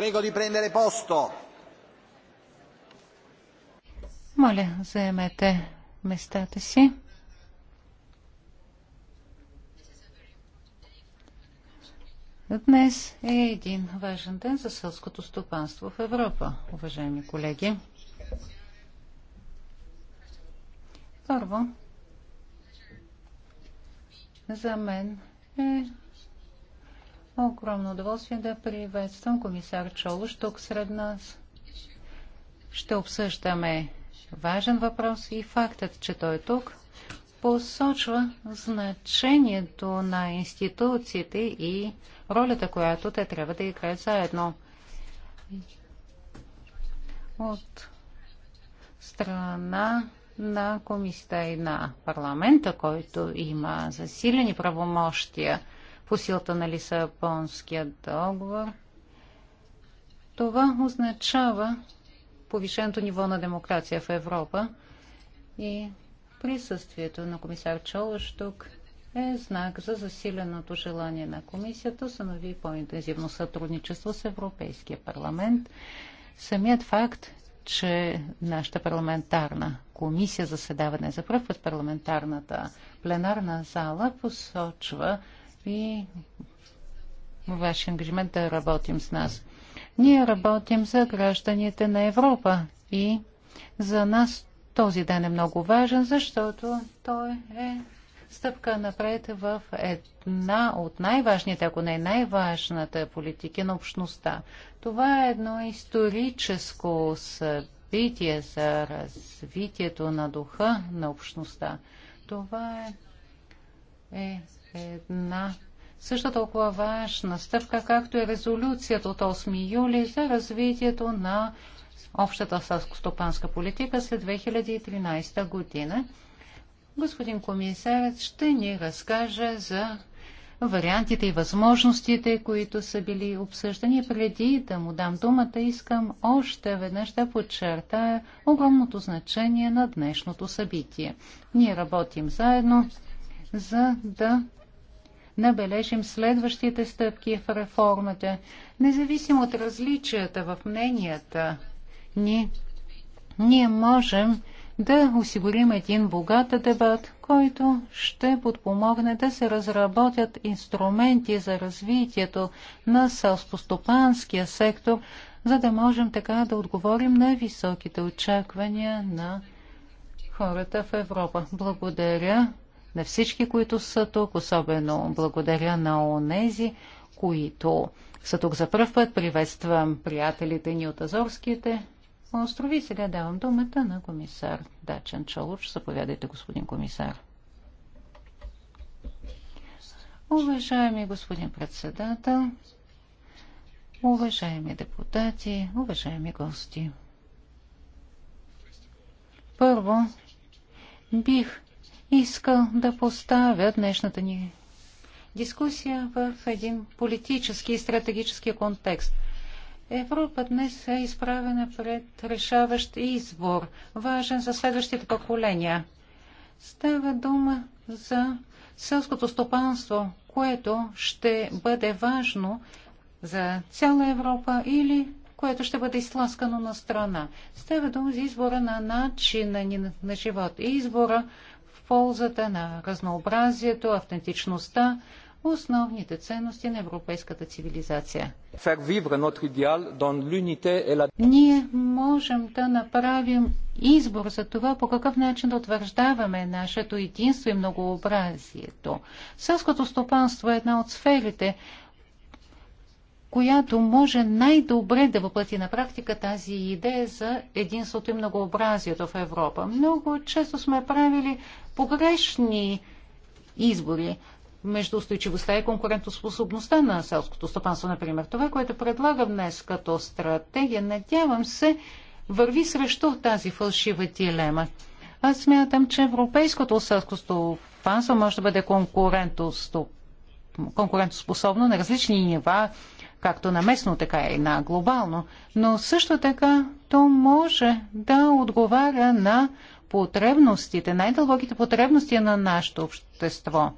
Prego di prendere posto. Моля, заемете местата си. Днес е един важен ден за селското стопанство в Европа, уважаеми колеги. Първо, за мен е огромно удоволствие да приветствам комисар Чолош тук сред нас. Ще обсъждаме важен въпрос и фактът, че той е тук, посочва значението на институциите и ролята, която те трябва да играят заедно. От страна на комисията и на парламента, който има засилени правомощия – по силата на Лисабонския договор. Това означава повишеното ниво на демокрация в Европа и присъствието на комисар Чолаш тук е знак за засиленото желание на комисията да установи по-интензивно сътрудничество с Европейския парламент. Самият факт, че нашата парламентарна комисия заседава не за първ път парламентарната пленарна зала посочва и ваш ангажимент да работим с нас. Ние работим за гражданите на Европа и за нас този ден е много важен, защото той е стъпка напред в една от най-важните, ако не най-важната политики на общността. Това е едно историческо събитие за развитието на духа на общността. Това е една също толкова важна стъпка, както е резолюцията от 8 юли за развитието на общата сълско-стопанска политика след 2013 година. Господин комисарът ще ни разкаже за вариантите и възможностите, които са били обсъждани. Преди да му дам думата, искам още веднъж да подчертая огромното значение на днешното събитие. Ние работим заедно, за да набележим следващите стъпки в реформата. Независимо от различията в мненията ни, ние можем да осигурим един богат дебат, който ще подпомогне да се разработят инструменти за развитието на селскостопанския сектор, за да можем така да отговорим на високите очаквания на хората в Европа. Благодаря на всички, които са тук, особено благодаря на онези, които са тук за първ път. Приветствам приятелите ни от Азорските острови. Сега давам думата на комисар Дачен Чолуч. Заповядайте, господин комисар. Уважаеми господин председател, уважаеми депутати, уважаеми гости. Първо, бих искал да поставя днешната ни дискусия в един политически и стратегически контекст. Европа днес е изправена пред решаващ избор, важен за следващите поколения. Става дума за селското стопанство, което ще бъде важно за цяла Европа или което ще бъде изтласкано на страна. Става дума за избора на начина ни на живот и избора ползата на разнообразието, автентичността, основните ценности на европейската цивилизация. Ние можем да направим избор за това по какъв начин да утвърждаваме нашето единство и многообразието. Селското стопанство е една от сферите, която може най-добре да въплати на практика тази идея за единството и многообразието в Европа. Много често сме правили погрешни избори между устойчивостта и конкурентоспособността на селското стопанство, например. Това, което предлагам днес като стратегия, надявам се, върви срещу тази фалшива дилема. Аз смятам, че европейското селско стопанство може да бъде конкурентоспособно на различни нива, както на местно, така и на глобално, но също така то може да отговаря на потребностите, най-дълбоките потребности на нашето общество.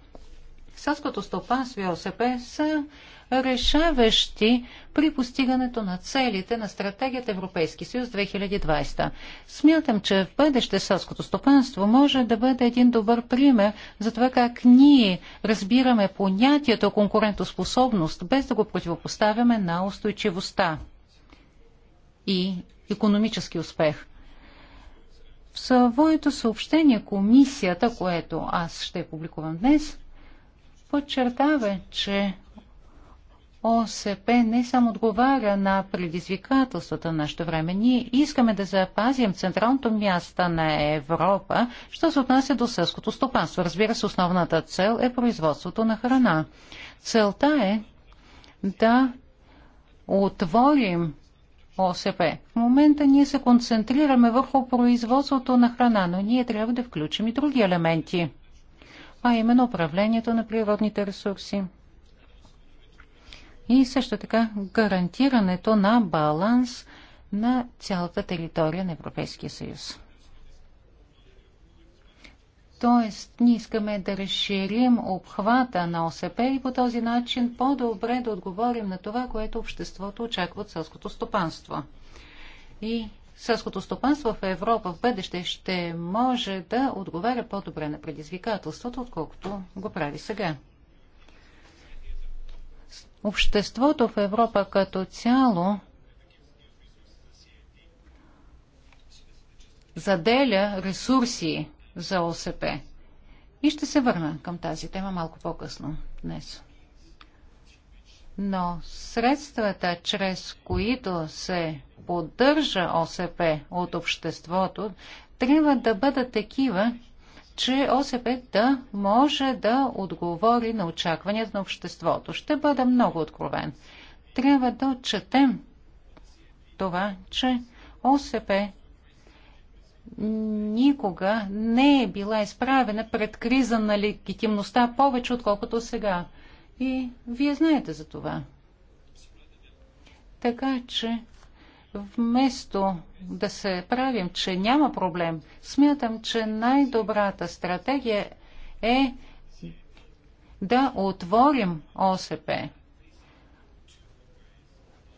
Селското стопанство и ОСП са решаващи при постигането на целите на стратегията Европейски съюз 2020. Смятам, че в бъдеще селското стопанство може да бъде един добър пример за това как ние разбираме понятието конкурентоспособност, без да го противопоставяме на устойчивостта и економически успех. В своето съобщение комисията, което аз ще публикувам днес, подчертава, че ОСП не само отговаря на предизвикателствата на нашето време. Ние искаме да запазим централното място на Европа, що се отнася до сълското стопанство. Разбира се, основната цел е производството на храна. Целта е да отворим ОСП. В момента ние се концентрираме върху производството на храна, но ние трябва да включим и други елементи, а именно управлението на природните ресурси – и също така гарантирането на баланс на цялата територия на Европейския съюз. Тоест, ние искаме да разширим обхвата на ОСП и по този начин по-добре да отговорим на това, което обществото очаква от селското стопанство. И селското стопанство в Европа в бъдеще ще може да отговаря по-добре на предизвикателството, отколкото го прави сега обществото в Европа като цяло заделя ресурси за ОСП. И ще се върна към тази тема малко по-късно днес. Но средствата, чрез които се поддържа ОСП от обществото, трябва да бъдат такива, че ОСП да може да отговори на очакванията на обществото. Ще бъда много откровен. Трябва да отчетем това, че ОСП никога не е била изправена пред криза на легитимността повече, отколкото сега. И вие знаете за това. Така че Вместо да се правим, че няма проблем, смятам, че най-добрата стратегия е да отворим ОСП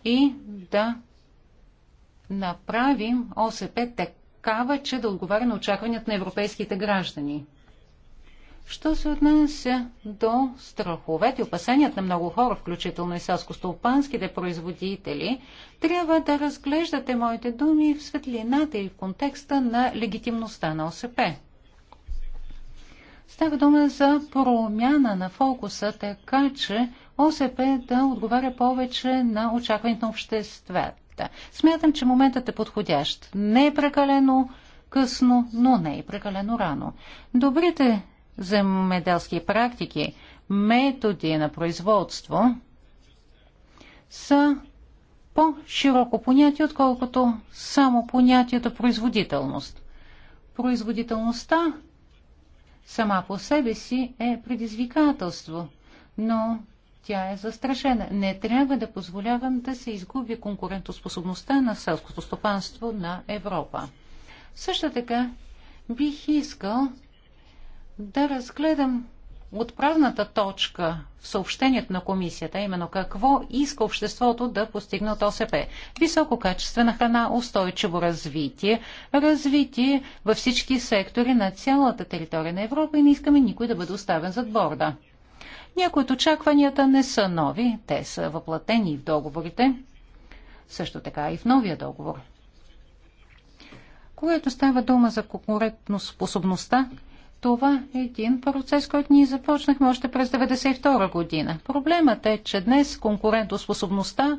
и да направим ОСП такава, че да отговаря на очакванията на европейските граждани. Що се отнася до страховете и опасенията на много хора, включително и селско-столпанските производители, трябва да разглеждате моите думи в светлината и в контекста на легитимността на ОСП. Става дума за промяна на фокуса, така че ОСП да отговаря повече на очакването на обществата. Смятам, че моментът е подходящ. Не е прекалено късно, но не е прекалено рано. Добрите земеделски практики, методи на производство са по-широко понятие, отколкото само понятието производителност. Производителността сама по себе си е предизвикателство, но тя е застрашена. Не трябва да позволявам да се изгуби конкурентоспособността на селското стопанство на Европа. Също така бих искал да разгледам отправната точка в съобщението на комисията, именно какво иска обществото да постигне от ОСП. Висококачествена храна, устойчиво развитие, развитие във всички сектори на цялата територия на Европа и не искаме никой да бъде оставен зад борда. Някои от очакванията не са нови, те са въплатени в договорите, също така и в новия договор. Когато става дума за конкурентно способността, това е един процес, който ние започнахме още през 1992 година. Проблемът е, че днес конкурентоспособността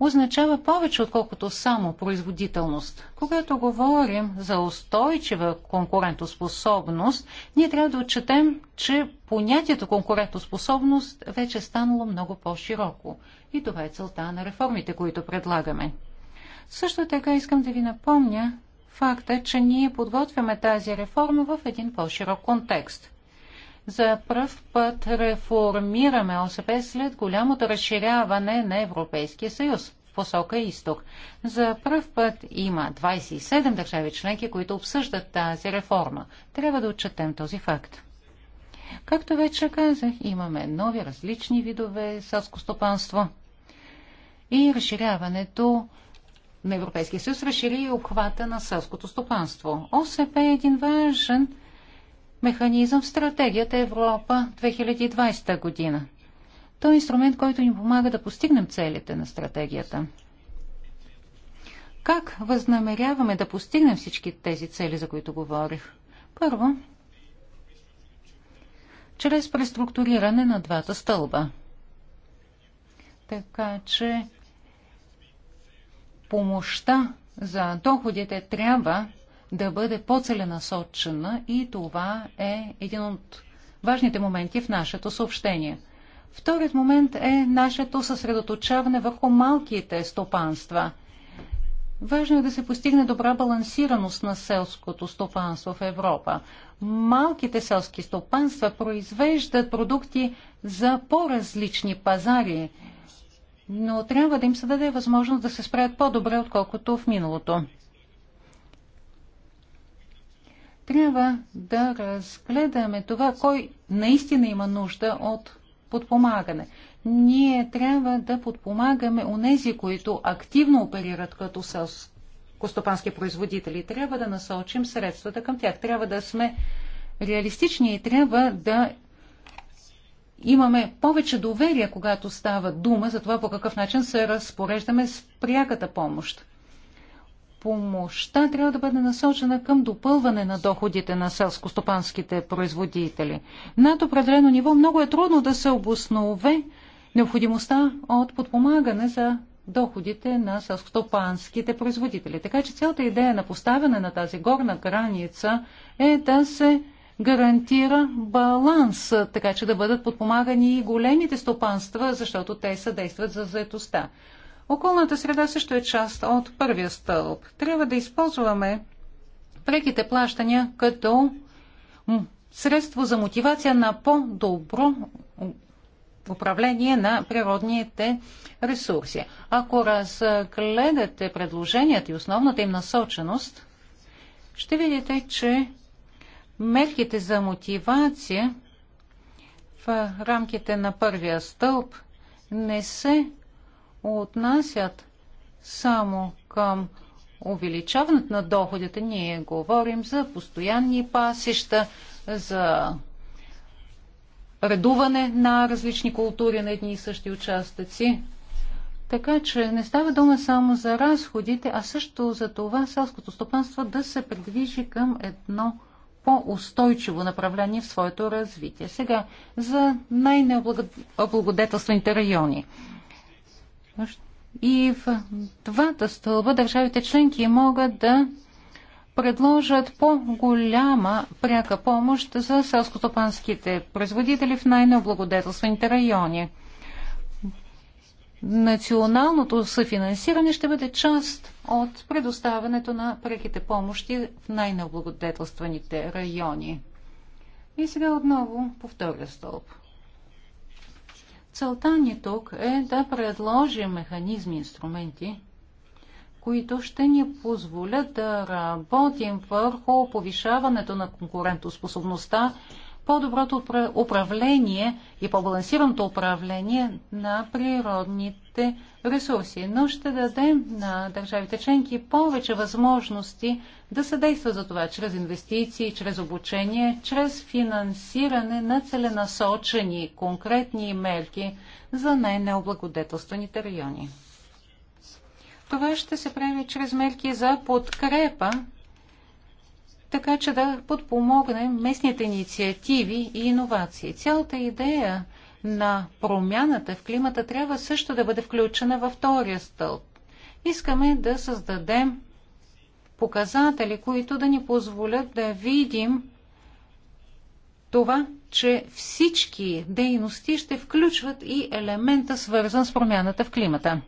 означава повече, отколкото само производителност. Когато говорим за устойчива конкурентоспособност, ние трябва да отчетем, че понятието конкурентоспособност вече е станало много по-широко. И това е целта на реформите, които предлагаме. Също така искам да ви напомня, факта, е, че ние подготвяме тази реформа в един по-широк контекст. За пръв път реформираме ОСП след голямото разширяване на Европейския съюз в посока изток. За пръв път има 27 държави членки, които обсъждат тази реформа. Трябва да отчетем този факт. Както вече казах, имаме нови различни видове селско стопанство и разширяването на Европейския съюз разшири обхвата на селското стопанство. ОСП е един важен механизъм в стратегията Европа 2020 година. Той е инструмент, който ни помага да постигнем целите на стратегията. Как възнамеряваме да постигнем всички тези цели, за които говорих? Първо, чрез преструктуриране на двата стълба. Така че помощта за доходите трябва да бъде по-целенасочена и това е един от важните моменти в нашето съобщение. Вторият момент е нашето съсредоточаване върху малките стопанства. Важно е да се постигне добра балансираност на селското стопанство в Европа. Малките селски стопанства произвеждат продукти за по-различни пазари но трябва да им се даде възможност да се справят по-добре, отколкото в миналото. Трябва да разгледаме това, кой наистина има нужда от подпомагане. Ние трябва да подпомагаме онези, които активно оперират като селско-стопански производители. Трябва да насочим средствата към тях. Трябва да сме реалистични и трябва да имаме повече доверие, когато става дума за това по какъв начин се разпореждаме с пряката помощ. Помощта трябва да бъде насочена към допълване на доходите на селскостопанските производители. Над определено ниво много е трудно да се обоснове необходимостта от подпомагане за доходите на селскостопанските производители. Така че цялата идея на поставяне на тази горна граница е да се гарантира баланс, така че да бъдат подпомагани и големите стопанства, защото те съдействат за заетостта. Околната среда също е част от първия стълб. Трябва да използваме преките плащания като средство за мотивация на по-добро управление на природните ресурси. Ако разгледате предложенията и основната им насоченост, ще видите, че Мерките за мотивация в рамките на първия стълб не се отнасят само към увеличаването на доходите. Ние говорим за постоянни пасища, за редуване на различни култури на едни и същи участъци. Така че не става дума само за разходите, а също за това селското стопанство да се придвижи към едно по-устойчиво направление в своето развитие. Сега за най-необлагодетелствените райони. И в двата стълба държавите членки могат да предложат по-голяма пряка помощ за селскостопанските производители в най-необлагодетелствените райони – Националното съфинансиране ще бъде част от предоставянето на преките помощи в най-необлагодетелстваните райони. И сега отново по втория стълб. Целта ни тук е да предложим механизми, и инструменти, които ще ни позволят да работим върху повишаването на конкурентоспособността по-доброто управление и по-балансираното управление на природните ресурси, но ще дадем на държавите членки повече възможности да съдействат за това чрез инвестиции, чрез обучение, чрез финансиране на целенасочени конкретни мерки за най-необлагодетелстваните райони. Това ще се прави чрез мерки за подкрепа така че да подпомогнем местните инициативи и иновации. Цялата идея на промяната в климата трябва също да бъде включена във втория стълб. Искаме да създадем показатели, които да ни позволят да видим това, че всички дейности ще включват и елемента, свързан с промяната в климата.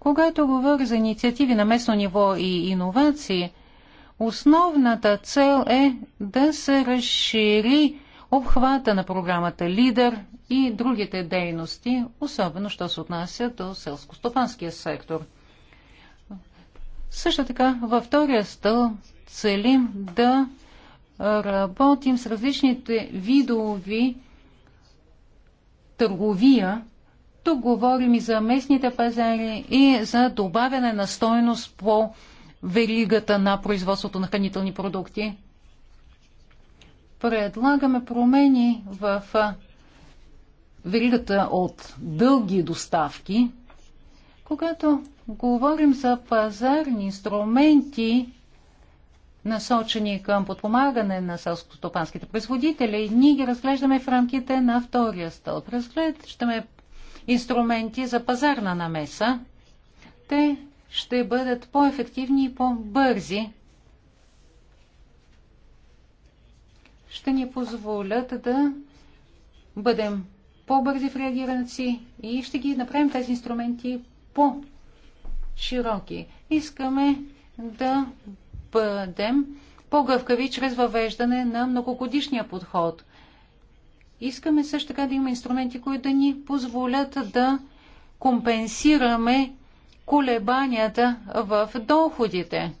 Когато говоря за инициативи на местно ниво и иновации, Основната цел е да се разшири обхвата на програмата Лидер и другите дейности, особено що се отнася до селско-стопанския сектор. Също така, във втория стъл целим да работим с различните видови търговия. Тук говорим и за местните пазари, и за добавяне на стойност по веригата на производството на хранителни продукти. Предлагаме промени в веригата от дълги доставки. Когато говорим за пазарни инструменти, насочени към подпомагане на селското-стопанските производители, ние ги разглеждаме в рамките на втория стълб. Разглеждаме инструменти за пазарна намеса. Те ще бъдат по-ефективни и по-бързи. Ще ни позволят да бъдем по-бързи в реагирането си и ще ги направим тези инструменти по-широки. Искаме да бъдем по-гъвкави чрез въвеждане на многогодишния подход. Искаме също така да има инструменти, които да ни позволят да компенсираме колебанията в доходите.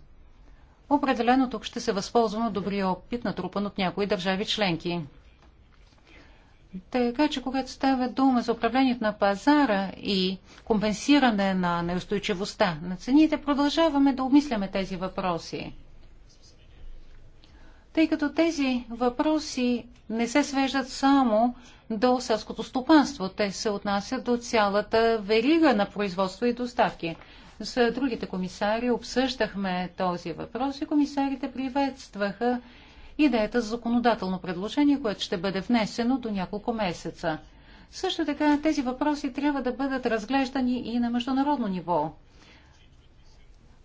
Определено тук ще се възползва на добрия опит, натрупан от някои държави членки. Така че, когато става дума за управлението на пазара и компенсиране на неустойчивостта на цените, продължаваме да обмисляме тези въпроси тъй като тези въпроси не се свеждат само до селското стопанство. Те се отнасят до цялата верига на производство и доставки. С другите комисари обсъждахме този въпрос и комисарите приветстваха идеята за законодателно предложение, което ще бъде внесено до няколко месеца. Също така тези въпроси трябва да бъдат разглеждани и на международно ниво.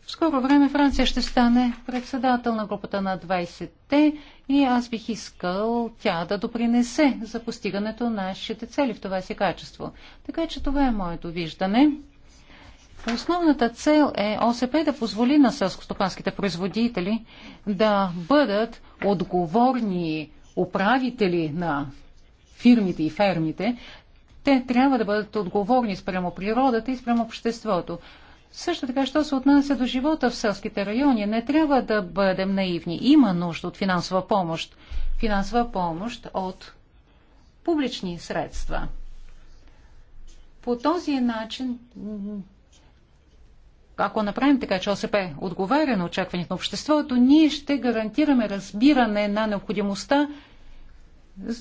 В скоро време Франция ще стане председател на групата на 20-те и аз бих искал тя да допринесе за постигането на нашите цели в това си качество. Така че това е моето виждане. Основната цел е ОСП да позволи на сълскостопанските производители да бъдат отговорни управители на фирмите и фермите. Те трябва да бъдат отговорни спрямо природата и спрямо обществото. Също така, що се отнася до живота в селските райони, не трябва да бъдем наивни. Има нужда от финансова помощ. Финансова помощ от публични средства. По този начин, ако направим така, че ОСП е отговаря на очакването на обществото, ние ще гарантираме разбиране на необходимостта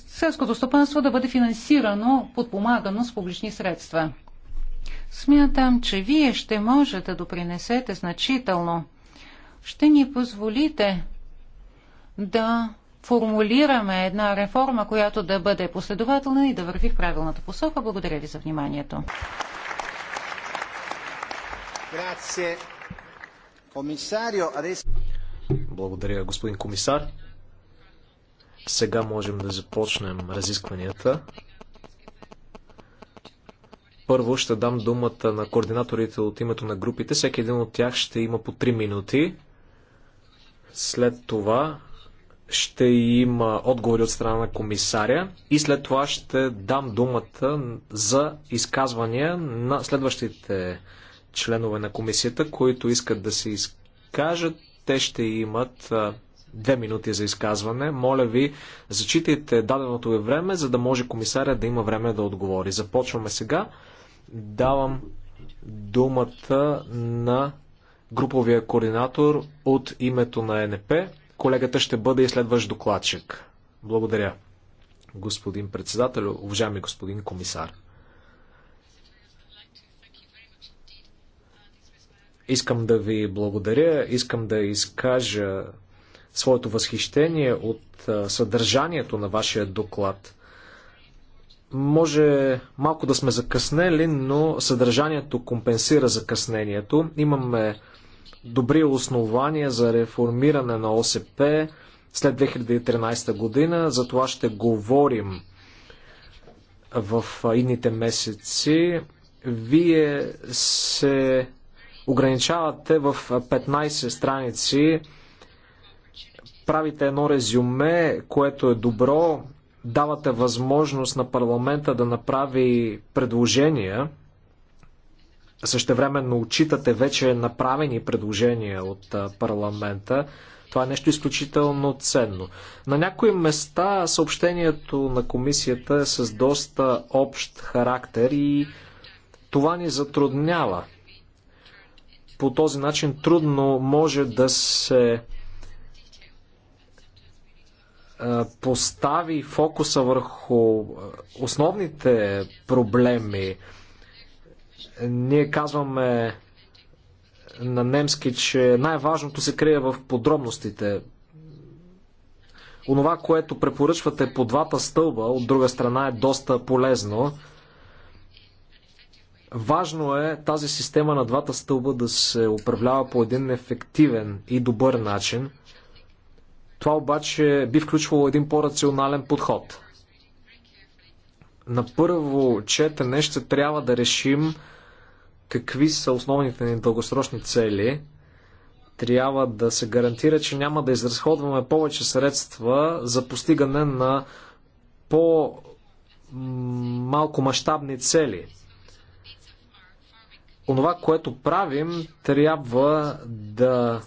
селското стопанство да бъде финансирано, подпомагано с публични средства. Смятам, че вие ще можете да допринесете значително. Ще ни позволите да формулираме една реформа, която да бъде последователна и да върви в правилната посока. Благодаря ви за вниманието. Благодаря, господин комисар. Сега можем да започнем разискванията. Първо ще дам думата на координаторите от името на групите. Всеки един от тях ще има по 3 минути. След това ще има отговори от страна на комисаря и след това ще дам думата за изказвания на следващите членове на комисията, които искат да се изкажат. Те ще имат две минути за изказване. Моля ви, зачитайте даденото ви време, за да може комисаря да има време да отговори. Започваме сега. Давам думата на груповия координатор от името на НП. Колегата ще бъде и следващ докладчик. Благодаря, господин председател, уважаеми господин комисар. Искам да ви благодаря, искам да изкажа своето възхищение от съдържанието на вашия доклад. Може малко да сме закъснели, но съдържанието компенсира закъснението. Имаме добри основания за реформиране на ОСП след 2013 година. За това ще говорим в идните месеци. Вие се ограничавате в 15 страници правите едно резюме, което е добро, давате възможност на парламента да направи предложения, същевременно отчитате вече направени предложения от парламента, това е нещо изключително ценно. На някои места съобщението на комисията е с доста общ характер и това ни затруднява. По този начин трудно може да се постави фокуса върху основните проблеми. Ние казваме на немски, че най-важното се крие в подробностите. Онова, което препоръчвате по двата стълба, от друга страна е доста полезно. Важно е тази система на двата стълба да се управлява по един ефективен и добър начин – това обаче би включвало един по-рационален подход. На първо четене ще трябва да решим какви са основните ни дългосрочни цели. Трябва да се гарантира, че няма да изразходваме повече средства за постигане на по малко мащабни цели. Онова, което правим, трябва да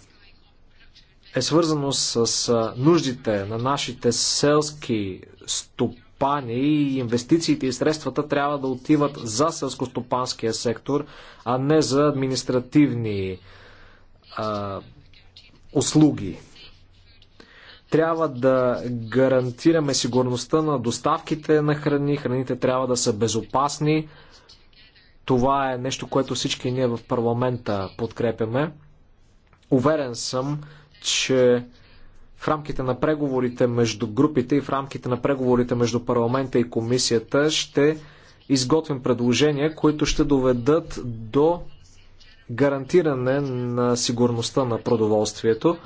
е свързано с нуждите на нашите селски стопани и инвестициите и средствата трябва да отиват за селскостопанския сектор, а не за административни а, услуги. Трябва да гарантираме сигурността на доставките на храни, храните трябва да са безопасни. Това е нещо, което всички ние в парламента подкрепяме. Уверен съм, че в рамките на преговорите между групите и в рамките на преговорите между парламента и комисията ще изготвим предложения, които ще доведат до гарантиране на сигурността на продоволствието.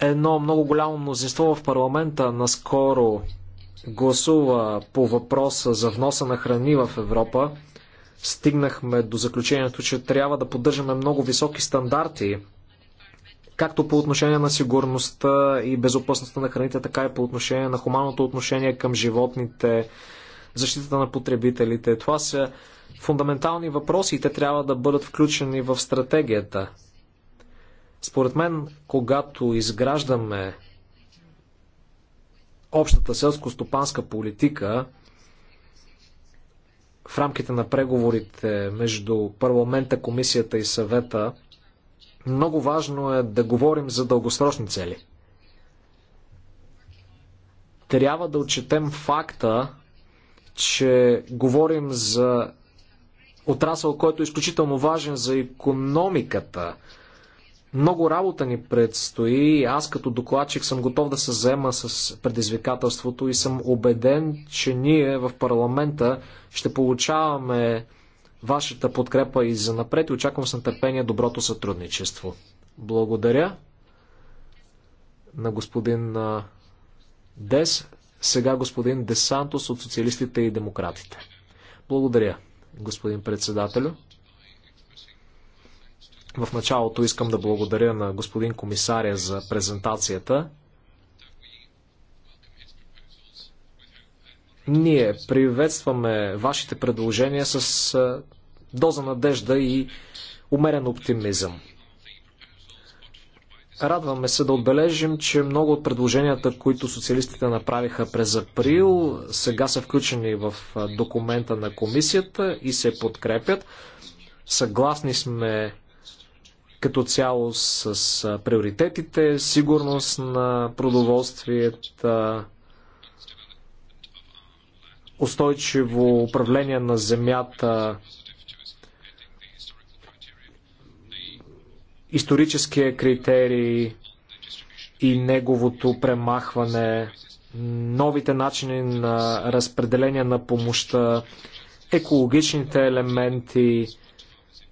Едно много голямо мнозинство в парламента наскоро гласува по въпроса за вноса на храни в Европа стигнахме до заключението, че трябва да поддържаме много високи стандарти, както по отношение на сигурността и безопасността на храните, така и по отношение на хуманното отношение към животните, защитата на потребителите. Това са фундаментални въпроси и те трябва да бъдат включени в стратегията. Според мен, когато изграждаме общата селско-стопанска политика, в рамките на преговорите между парламента, комисията и съвета, много важно е да говорим за дългосрочни цели. Трябва да отчетем факта, че говорим за отрасъл, който е изключително важен за економиката, много работа ни предстои. Аз като докладчик съм готов да се заема с предизвикателството и съм убеден, че ние в парламента ще получаваме вашата подкрепа и за напред и очаквам с нетърпение доброто сътрудничество. Благодаря на господин Дес, сега господин Десантос от Социалистите и Демократите. Благодаря, господин председателю. В началото искам да благодаря на господин комисаря за презентацията. Ние приветстваме вашите предложения с доза надежда и умерен оптимизъм. Радваме се да отбележим, че много от предложенията, които социалистите направиха през април, сега са включени в документа на комисията и се подкрепят. Съгласни сме като цяло с приоритетите, сигурност на продоволствията, устойчиво управление на земята, историческия критерий и неговото премахване, новите начини на разпределение на помощта, екологичните елементи,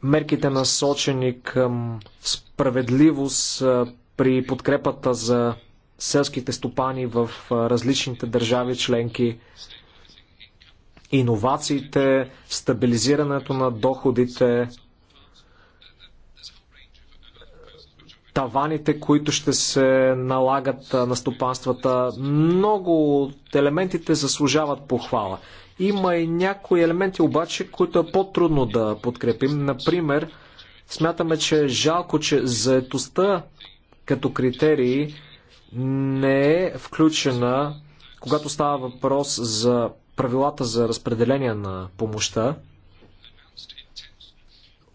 мерките насочени към справедливост при подкрепата за селските стопани в различните държави членки, иновациите, стабилизирането на доходите, таваните, които ще се налагат на стопанствата. Много от елементите заслужават похвала. Има и някои елементи обаче, които е по-трудно да подкрепим. Например, смятаме, че е жалко, че заетостта като критерии не е включена, когато става въпрос за правилата за разпределение на помощта.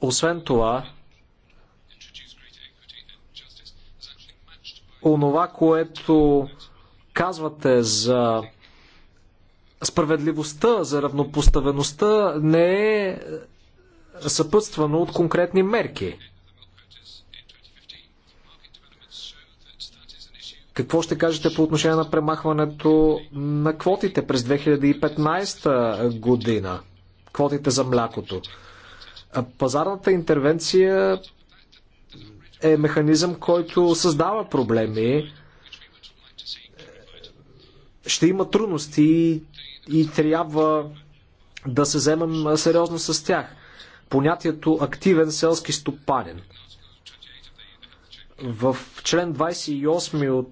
Освен това, онова, което казвате за справедливостта, за равнопоставеността не е съпътствано от конкретни мерки. Какво ще кажете по отношение на премахването на квотите през 2015 година? Квотите за млякото. Пазарната интервенция е механизъм, който създава проблеми. Ще има трудности и и трябва да се вземем сериозно с тях. Понятието активен селски стопанин. В член 28 от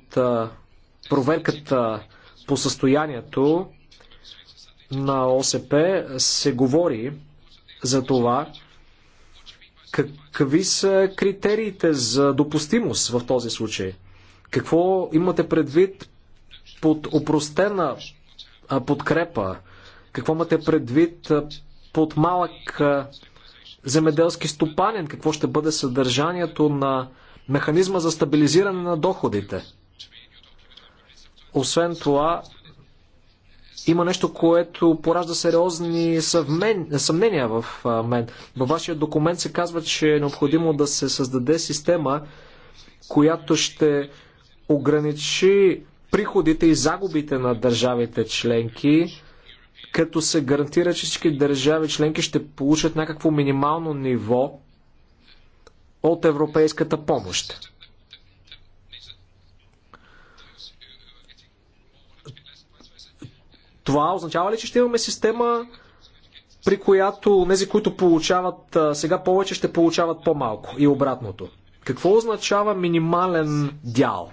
проверката по състоянието на ОСП се говори за това, какви са критериите за допустимост в този случай? Какво имате предвид под опростена подкрепа? Какво имате предвид под малък земеделски стопанин? Какво ще бъде съдържанието на механизма за стабилизиране на доходите? Освен това, има нещо, което поражда сериозни съмнения в мен. Във вашия документ се казва, че е необходимо да се създаде система, която ще ограничи приходите и загубите на държавите членки, като се гарантира, че всички държави членки ще получат някакво минимално ниво от европейската помощ. Това означава ли, че ще имаме система, при която тези, които получават сега повече, ще получават по-малко и обратното? Какво означава минимален дял?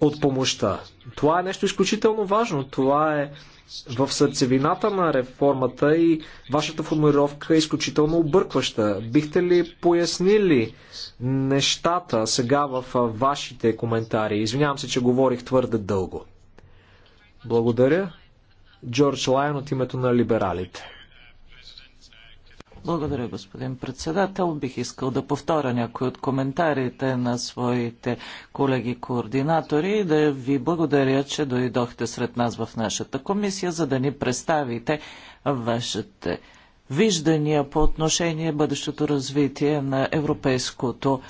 от помощта. Това е нещо изключително важно. Това е в сърцевината на реформата и вашата формулировка е изключително объркваща. Бихте ли пояснили нещата сега в вашите коментари? Извинявам се, че говорих твърде дълго. Благодаря. Джордж Лайн от името на либералите. Благодаря, господин председател. Бих искал да повторя някои от коментарите на своите колеги-координатори и да ви благодаря, че дойдохте сред нас в нашата комисия, за да ни представите вашите виждания по отношение бъдещото развитие на европейското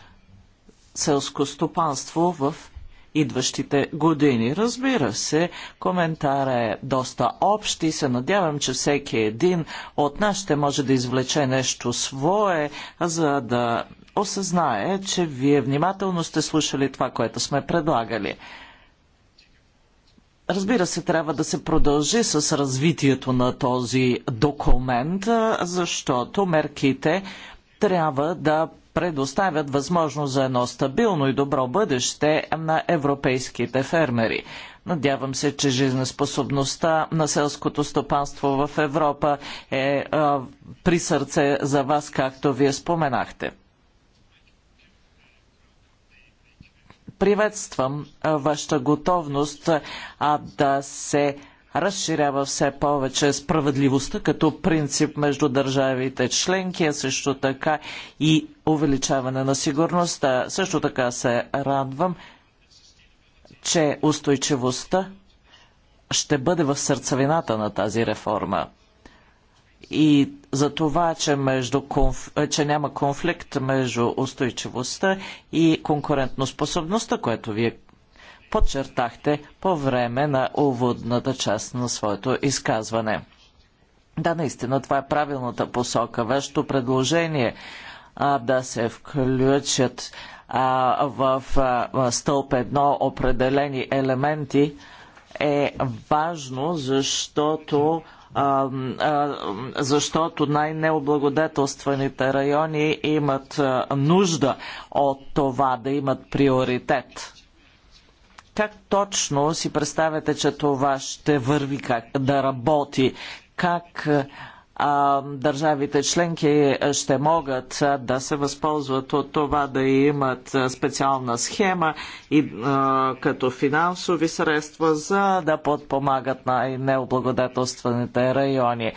селско стопанство в идващите години. Разбира се, коментара е доста общ и се надявам, че всеки един от нас ще може да извлече нещо свое, за да осъзнае, че вие внимателно сте слушали това, което сме предлагали. Разбира се, трябва да се продължи с развитието на този документ, защото мерките трябва да предоставят възможност за едно стабилно и добро бъдеще на европейските фермери. Надявам се, че жизнеспособността на селското стопанство в Европа е а, при сърце за вас, както вие споменахте. Приветствам вашата готовност а, да се разширява все повече справедливостта като принцип между държавите членки, а също така и увеличаване на сигурността. Също така се радвам, че устойчивостта ще бъде в сърцевината на тази реформа. И за това, че, между конф... че няма конфликт между устойчивостта и конкурентноспособността, което вие подчертахте по време на уводната част на своето изказване. Да, наистина, това е правилната посока. Вашето предложение а, да се включат а, в а, стълб едно определени елементи е важно, защото а, а, защото най-необлагодетелстваните райони имат нужда от това да имат приоритет как точно си представяте, че това ще върви как да работи? Как а, държавите членки ще могат да се възползват от това да имат специална схема и, а, като финансови средства, за да подпомагат най необлагодателстваните райони.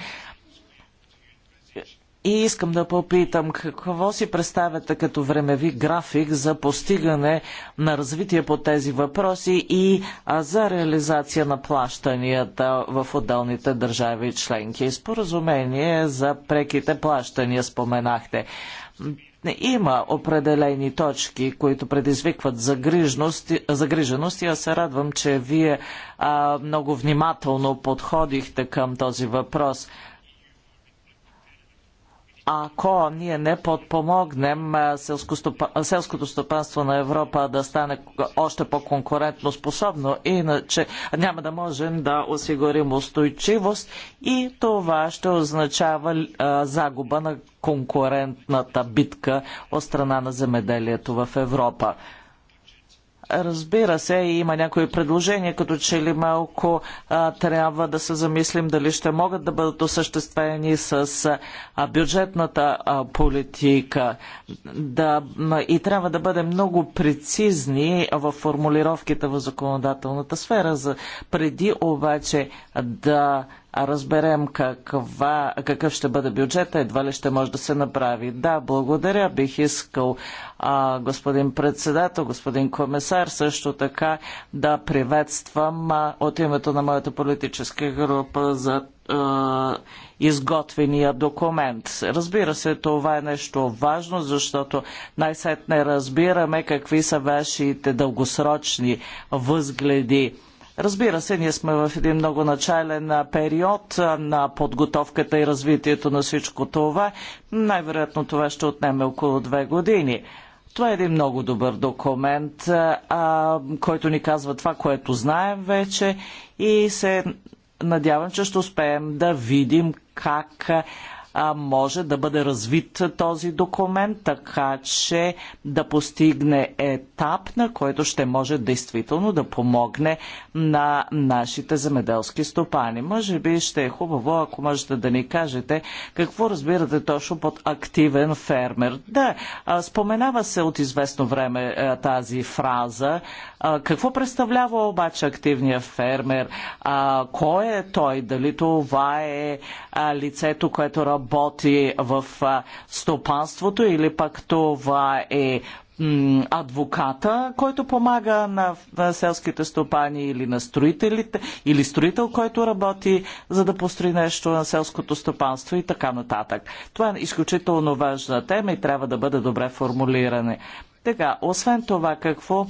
И искам да попитам, какво си представяте като времеви график за постигане на развитие по тези въпроси и за реализация на плащанията в отделните държави и членки? Споразумение за преките плащания споменахте. Има определени точки, които предизвикват загрижност, загриженост и аз се радвам, че вие а, много внимателно подходихте към този въпрос – ако ние не подпомогнем селското стопанство на Европа да стане още по-конкурентно способно, иначе няма да можем да осигурим устойчивост и това ще означава загуба на конкурентната битка от страна на земеделието в Европа разбира се, има някои предложения, като че ли малко а, трябва да се замислим дали ще могат да бъдат осъществени с а, бюджетната а, политика. Да, и трябва да бъдем много прецизни в формулировките в законодателната сфера, за, преди обаче да разберем каква, какъв ще бъде бюджета, едва ли ще може да се направи. Да, благодаря. Бих искал а, господин председател, господин комисар, също така да приветствам а, от името на моята политическа група за а, изготвения документ. Разбира се, това е нещо важно, защото най-сетне разбираме какви са вашите дългосрочни възгледи Разбира се, ние сме в един много начален период на подготовката и развитието на всичко това. Най-вероятно това ще отнеме около две години. Това е един много добър документ, а, който ни казва това, което знаем вече и се надявам, че ще успеем да видим как може да бъде развит този документ, така че да постигне етап, на който ще може действително да помогне на нашите земеделски стопани. Може би ще е хубаво, ако можете да ни кажете какво разбирате точно под активен фермер. Да, споменава се от известно време тази фраза. Какво представлява обаче активният фермер? Кой е той? Дали това е лицето, което работи работи в стопанството или пък това е адвоката, който помага на селските стопани или на строителите, или строител, който работи, за да построи нещо на селското стопанство и така нататък. Това е изключително важна тема и трябва да бъде добре формулиране. Така, освен това, какво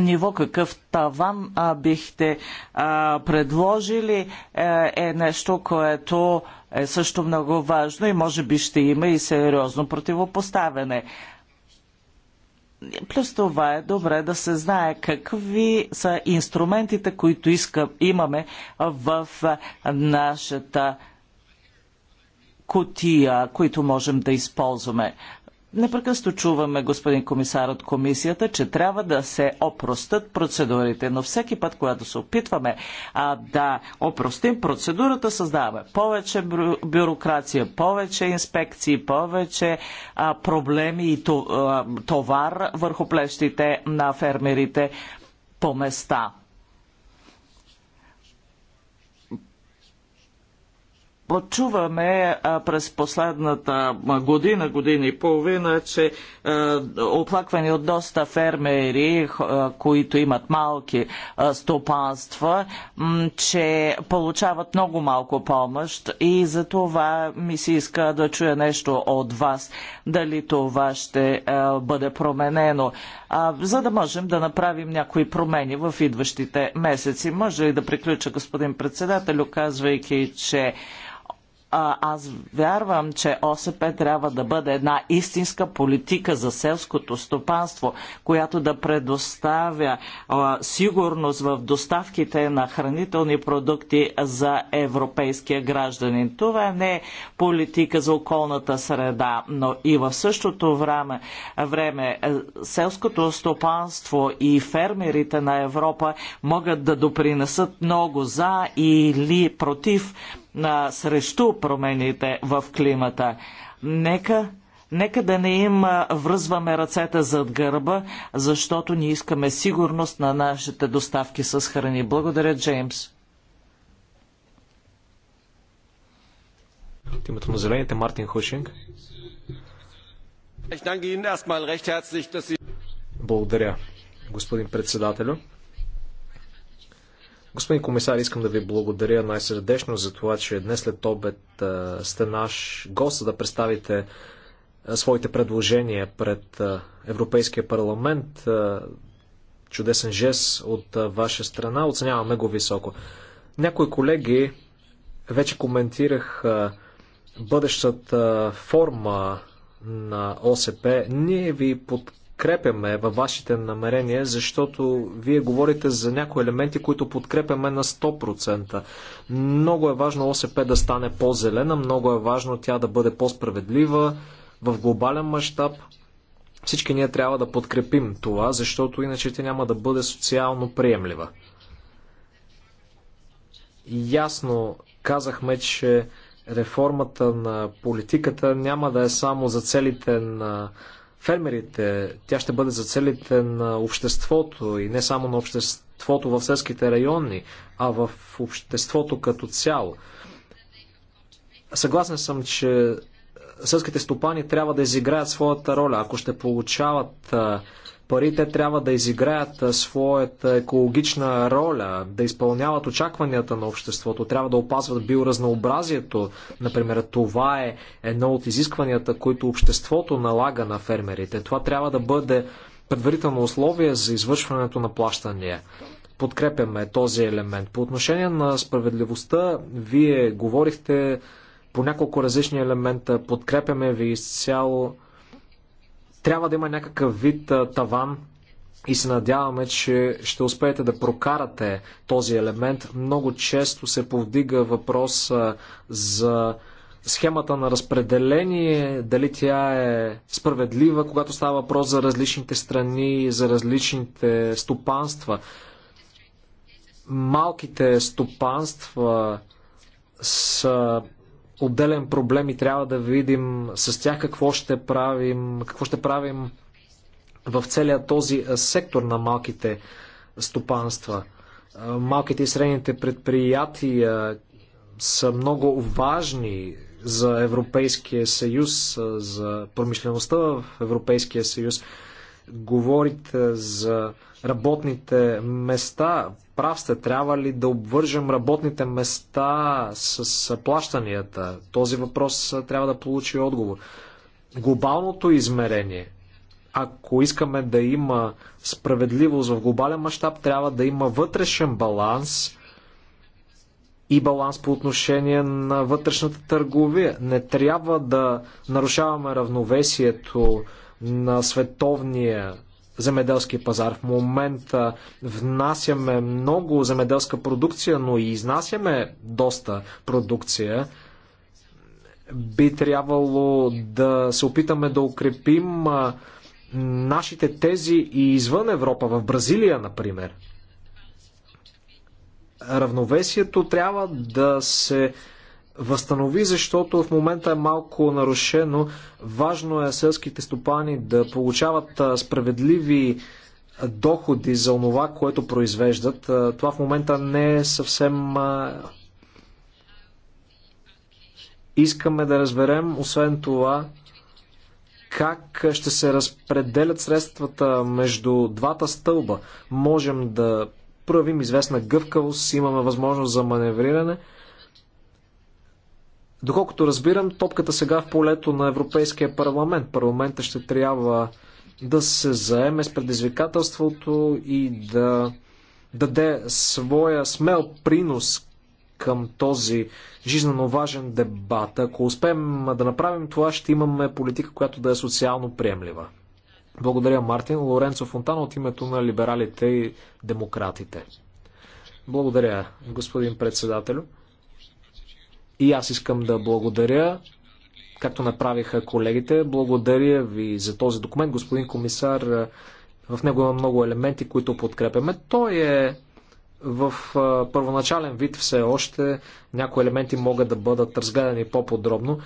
ниво, какъв таван а, бихте а, предложили е, е нещо, което е също много важно и може би ще има и сериозно противопоставяне. Плюс това е добре да се знае какви са инструментите, които иска, имаме в нашата кутия, които можем да използваме. Непрекъсто чуваме, господин комисар от комисията, че трябва да се опростат процедурите, но всеки път, когато се опитваме а, да опростим процедурата, създаваме повече бюрокрация, повече инспекции, повече а, проблеми и товар върху плещите на фермерите по места. Почуваме а, през последната година, година и половина, че а, оплаквани от доста фермери, а, които имат малки а, стопанства, м, че получават много малко помощ и за това ми се иска да чуя нещо от вас, дали това ще а, бъде променено, а, за да можем да направим някои промени в идващите месеци. Може ли да приключа, господин председател, казвайки, че аз вярвам, че ОСП трябва да бъде една истинска политика за селското стопанство, която да предоставя а, сигурност в доставките на хранителни продукти за европейския гражданин. Това не е политика за околната среда, но и в същото време, време е, селското стопанство и фермерите на Европа могат да допринесат много за или против на срещу промените в климата. Нека, нека да не им връзваме ръцете зад гърба, защото ние искаме сигурност на нашите доставки с храни. Благодаря, Джеймс. От името на зелените Мартин Хушинг. Благодаря, господин председателю. Господин комисар, искам да ви благодаря най-сърдечно за това, че днес след обед сте наш гост, да представите своите предложения пред Европейския парламент. Чудесен жест от ваша страна. Оценяваме го високо. Някои колеги вече коментирах бъдещата форма на ОСП. Ние ви подкрепим подкрепяме във вашите намерения, защото вие говорите за някои елементи, които подкрепяме на 100%. Много е важно ОСП да стане по-зелена, много е важно тя да бъде по-справедлива в глобален мащаб. Всички ние трябва да подкрепим това, защото иначе тя няма да бъде социално приемлива. Ясно казахме, че реформата на политиката няма да е само за целите на фермерите. Тя ще бъде за целите на обществото и не само на обществото в селските райони, а в обществото като цяло. Съгласен съм, че селските стопани трябва да изиграят своята роля. Ако ще получават Парите трябва да изиграят своята екологична роля, да изпълняват очакванията на обществото, трябва да опазват биоразнообразието. Например, това е едно от изискванията, които обществото налага на фермерите. Това трябва да бъде предварително условие за извършването на плащания. Подкрепяме този елемент. По отношение на справедливостта, вие говорихте по няколко различни елемента. Подкрепяме ви изцяло. Трябва да има някакъв вид таван и се надяваме, че ще успеете да прокарате този елемент. Много често се повдига въпрос за схемата на разпределение, дали тя е справедлива, когато става въпрос за различните страни, за различните стопанства. Малките стопанства са отделен проблем и трябва да видим с тях какво ще правим, какво ще правим в целия този сектор на малките стопанства. Малките и средните предприятия са много важни за Европейския съюз, за промишлеността в Европейския съюз. Говорите за работните места. Прав сте, трябва ли да обвържем работните места с плащанията? Този въпрос трябва да получи отговор. Глобалното измерение, ако искаме да има справедливост в глобален мащаб, трябва да има вътрешен баланс и баланс по отношение на вътрешната търговия. Не трябва да нарушаваме равновесието на световния земеделския пазар. В момента внасяме много земеделска продукция, но и изнасяме доста продукция. Би трябвало да се опитаме да укрепим нашите тези и извън Европа, в Бразилия, например. Равновесието трябва да се възстанови, защото в момента е малко нарушено. Важно е селските стопани да получават справедливи доходи за онова, което произвеждат. Това в момента не е съвсем искаме да разберем, освен това, как ще се разпределят средствата между двата стълба. Можем да правим известна гъвкавост, имаме възможност за маневриране – Доколкото разбирам, топката сега в полето на Европейския парламент. Парламента ще трябва да се заеме с предизвикателството и да даде своя смел принос към този жизненно важен дебат. Ако успеем да направим това, ще имаме политика, която да е социално приемлива. Благодаря, Мартин. Лоренцо Фонтано от името на либералите и демократите. Благодаря, господин председателю. И аз искам да благодаря, както направиха колегите, благодаря ви за този документ, господин комисар. В него има много елементи, които подкрепяме. Той е в първоначален вид все още. Някои елементи могат да бъдат разгледани по-подробно.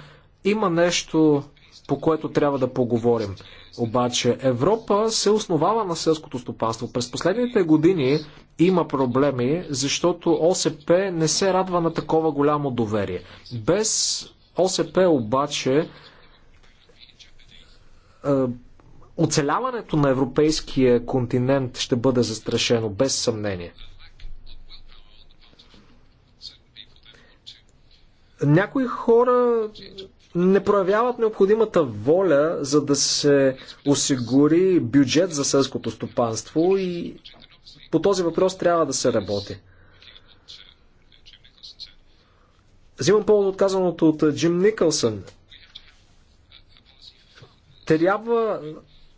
Има нещо, по което трябва да поговорим. Обаче Европа се основава на селското стопанство. През последните години има проблеми, защото ОСП не се радва на такова голямо доверие. Без ОСП обаче е, оцеляването на европейския континент ще бъде застрашено, без съмнение. Някои хора не проявяват необходимата воля, за да се осигури бюджет за селското стопанство и по този въпрос трябва да се работи. Взимам повод от казаното от Джим Никълсън. Трябва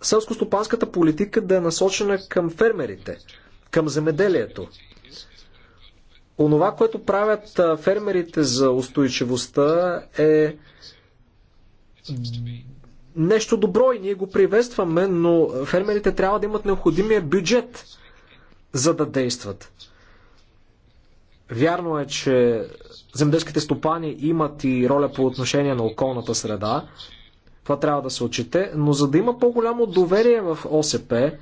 селско-стопанската политика да е насочена към фермерите, към земеделието. Онова, което правят фермерите за устойчивостта е нещо добро и ние го приветстваме, но фермерите трябва да имат необходимия бюджет, за да действат. Вярно е, че земеделските стопани имат и роля по отношение на околната среда. Това трябва да се отчете, но за да има по-голямо доверие в ОСП,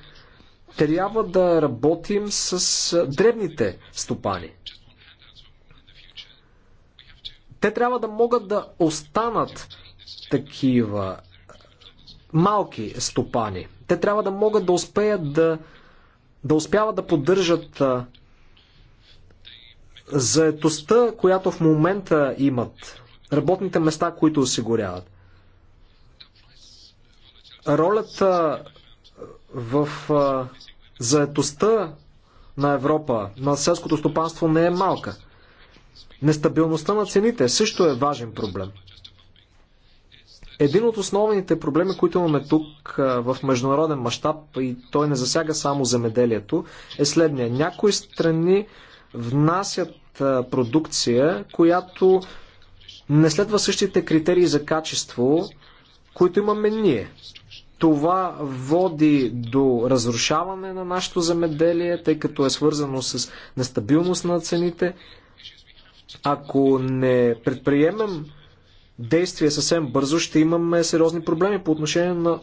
трябва да работим с дребните стопани. Те трябва да могат да останат такива малки стопани. Те трябва да могат да успеят да, да успяват да поддържат заетостта, която в момента имат, работните места, които осигуряват. Ролята в заетостта на Европа, на селското стопанство не е малка. Нестабилността на цените също е важен проблем. Един от основните проблеми, които имаме тук в международен мащаб, и той не засяга само земеделието, е следния. Някои страни внасят продукция, която не следва същите критерии за качество, които имаме ние. Това води до разрушаване на нашето земеделие, тъй като е свързано с нестабилност на цените. Ако не предприемем действие съвсем бързо, ще имаме сериозни проблеми по отношение на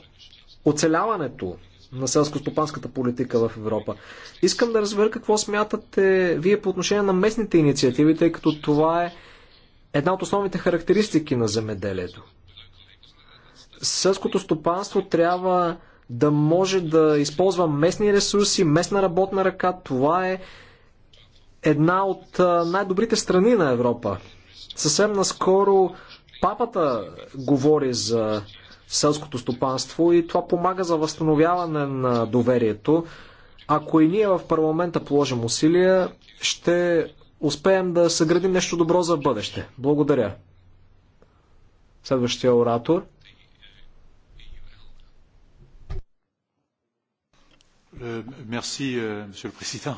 оцеляването на селско-стопанската политика в Европа. Искам да разбера какво смятате вие по отношение на местните инициативи, тъй като това е една от основните характеристики на земеделието. Селското стопанство трябва да може да използва местни ресурси, местна работна ръка. Това е една от най-добрите страни на Европа. Съвсем наскоро Папата говори за селското стопанство и това помага за възстановяване на доверието. Ако и ние в парламента положим усилия, ще успеем да съградим нещо добро за бъдеще. Благодаря. Следващия оратор. Е, мерси, господин е, президент.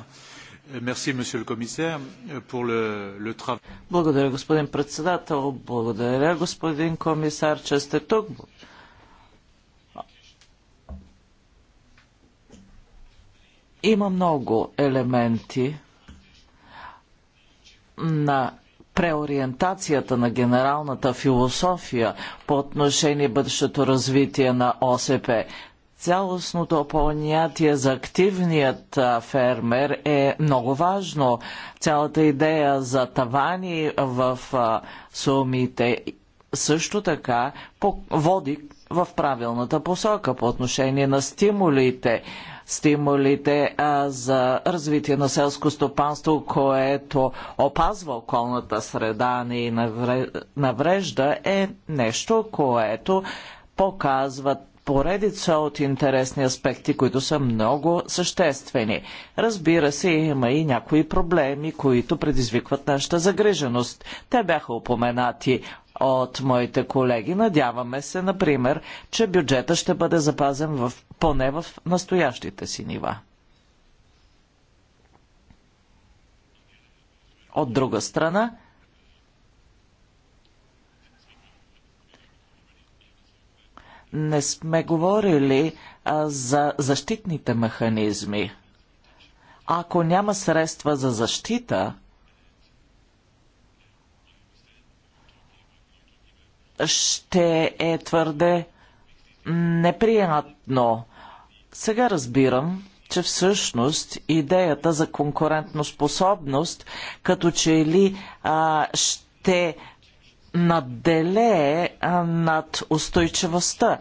Благодаря, господин председател. Благодаря, господин комисар, че сте тук. Има много елементи на преориентацията на генералната философия по отношение бъдещето развитие на ОСП. Цялостното понятие за активният фермер е много важно. Цялата идея за тавани в сумите също така води в правилната посока по отношение на стимулите. Стимулите а, за развитие на селско стопанство, което опазва околната среда и наврежда, е нещо, което показва поредица от интересни аспекти, които са много съществени. Разбира се, има и някои проблеми, които предизвикват нашата загриженост. Те бяха упоменати от моите колеги. Надяваме се, например, че бюджета ще бъде запазен в, поне в настоящите си нива. От друга страна, не сме говорили а, за защитните механизми. Ако няма средства за защита, ще е твърде неприятно. Сега разбирам, че всъщност идеята за конкурентноспособност като че ли а, ще наделее над устойчивостта.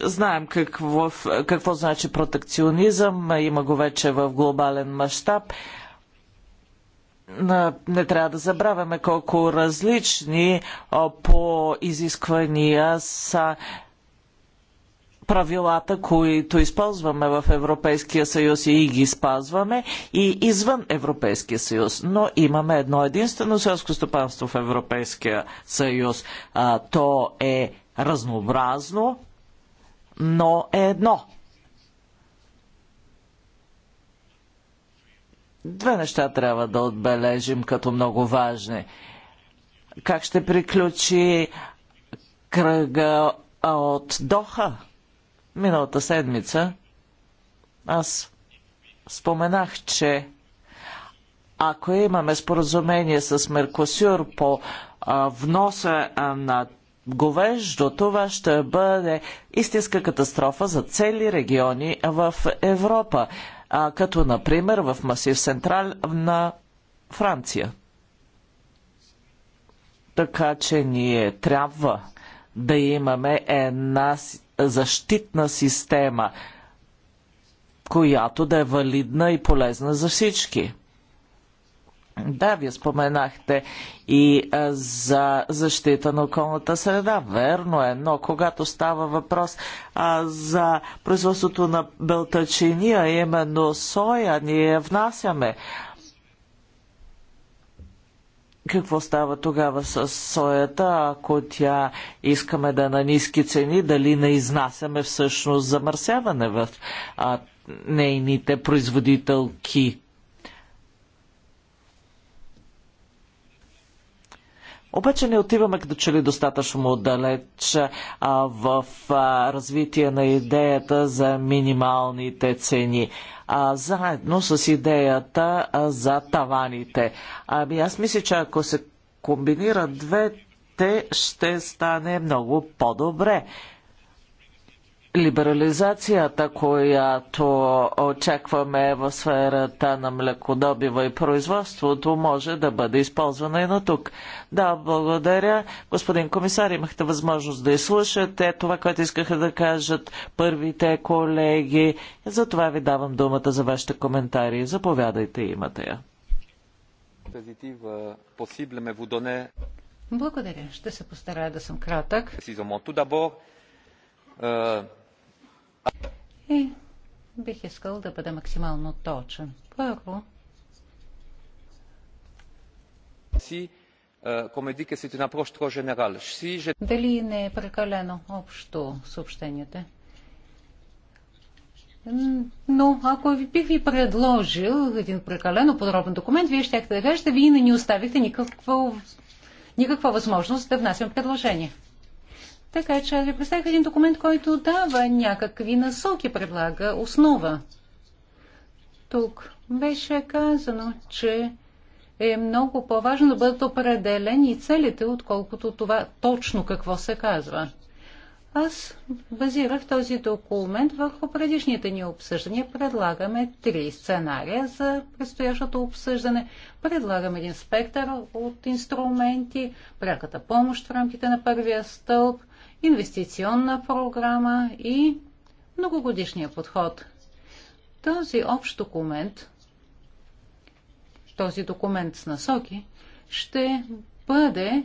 Знаем какво, какво значи протекционизъм, има го вече в глобален мащаб. Не трябва да забравяме колко различни по изисквания са правилата, които използваме в Европейския съюз и ги спазваме и извън Европейския съюз. Но имаме едно единствено селско стопанство в Европейския съюз. А, то е разнообразно, но е едно. Две неща трябва да отбележим като много важни. Как ще приключи кръга от Доха? Миналата седмица аз споменах, че ако имаме споразумение с Меркосюр по а, вноса а, на говеждо, това ще бъде истинска катастрофа за цели региони в Европа, а, като например в масив Централ на Франция. Така че ние трябва да имаме една защитна система, която да е валидна и полезна за всички. Да, вие споменахте и а, за защита на околната среда. Верно е, но когато става въпрос а, за производството на белтачиния, именно соя, ние внасяме какво става тогава с соята, ако тя искаме да е на ниски цени, дали не изнасяме всъщност замърсяване в а, нейните производителки? Обаче не отиваме като че ли достатъчно далеч а, в а, развитие на идеята за минималните цени, а, заедно с идеята а, за таваните. Ами аз мисля, че ако се комбинират двете, ще стане много по-добре либерализацията, която очакваме в сферата на млекодобива и производството, може да бъде използвана и на тук. Да, благодаря. Господин комисар, имахте възможност да изслушате това, което искаха да кажат първите колеги. За това ви давам думата за вашите коментари. Заповядайте, имате я. Благодаря. Ще се постарая да съм кратък. И бих искал да бъда максимално точен. Първо, си, е, коме дике си c'est une approche trop Дали не е прекалено общо съобщенията? Но ако ви бих ви предложил един прекалено подробен документ, вие ще да кажете, вие не ни оставихте никаква, никаква възможност да внасям предложение. Така че аз ви представих един документ, който дава някакви насоки, предлага основа. Тук беше казано, че е много по-важно да бъдат определени целите, отколкото това точно какво се казва. Аз базирах този документ върху предишните ни обсъждания. Предлагаме три сценария за предстоящото обсъждане. Предлагаме един спектър от инструменти, пряката помощ в рамките на първия стълб – инвестиционна програма и многогодишния подход. Този общ документ, този документ с насоки, ще бъде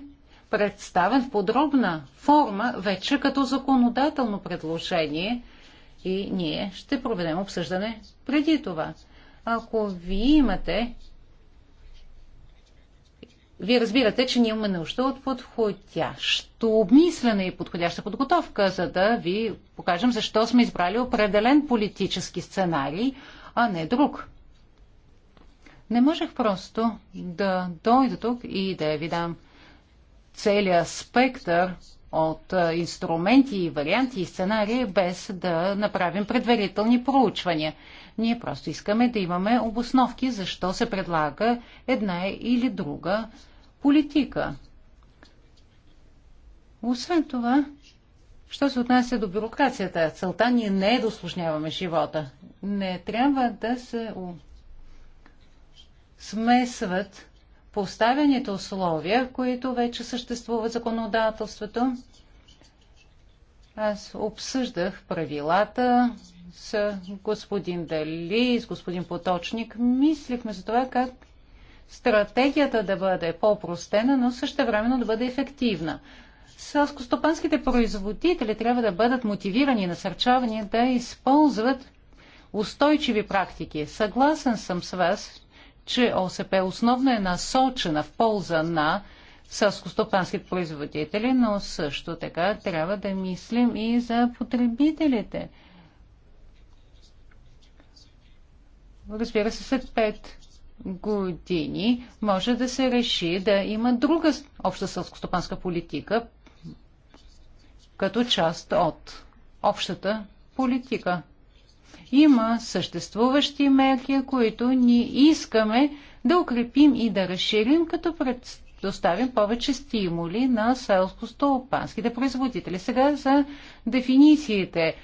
представен в подробна форма вече като законодателно предложение и ние ще проведем обсъждане преди това. Ако ви имате вие разбирате, че ние имаме нужда от подходящо обмислене и подходяща подготовка, за да ви покажем защо сме избрали определен политически сценарий, а не друг. Не можех просто да дойда тук и да ви дам целият спектър от инструменти, и варианти и сценарии, без да направим предварителни проучвания. Ние просто искаме да имаме обосновки, защо се предлага една или друга политика. Освен това, що се отнася до бюрокрацията, целта ни не е да осложняваме живота. Не трябва да се смесват поставените условия, които вече съществуват законодателството. Аз обсъждах правилата с господин Дали, с господин Поточник. Мислихме за това как стратегията да бъде по-простена, но също времено да бъде ефективна. Селскостопанските производители трябва да бъдат мотивирани и насърчавани да използват устойчиви практики. Съгласен съм с вас, че ОСП основно е насочена в полза на селскостопанските производители, но също така трябва да мислим и за потребителите. Разбира се, след 5 години може да се реши да има друга обща сълскостопанска политика като част от общата политика. Има съществуващи мерки, които ни искаме да укрепим и да разширим, като предоставим повече стимули на селско-стопанските производители. Сега за дефинициите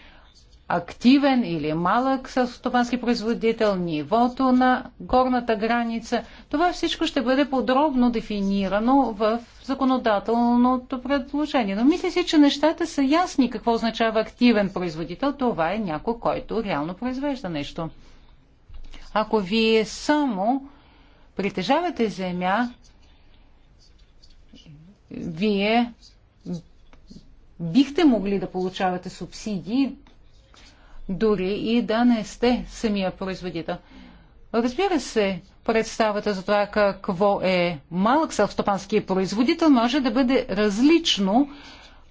активен или малък селскостопански производител, нивото на горната граница. Това всичко ще бъде подробно дефинирано в законодателното предложение. Но мисля си, че нещата са ясни какво означава активен производител. Това е някой, който реално произвежда нещо. Ако вие само притежавате земя, вие бихте могли да получавате субсидии дори и да не сте самия производител. Разбира се, представата за това какво е малък селстопански производител може да бъде различно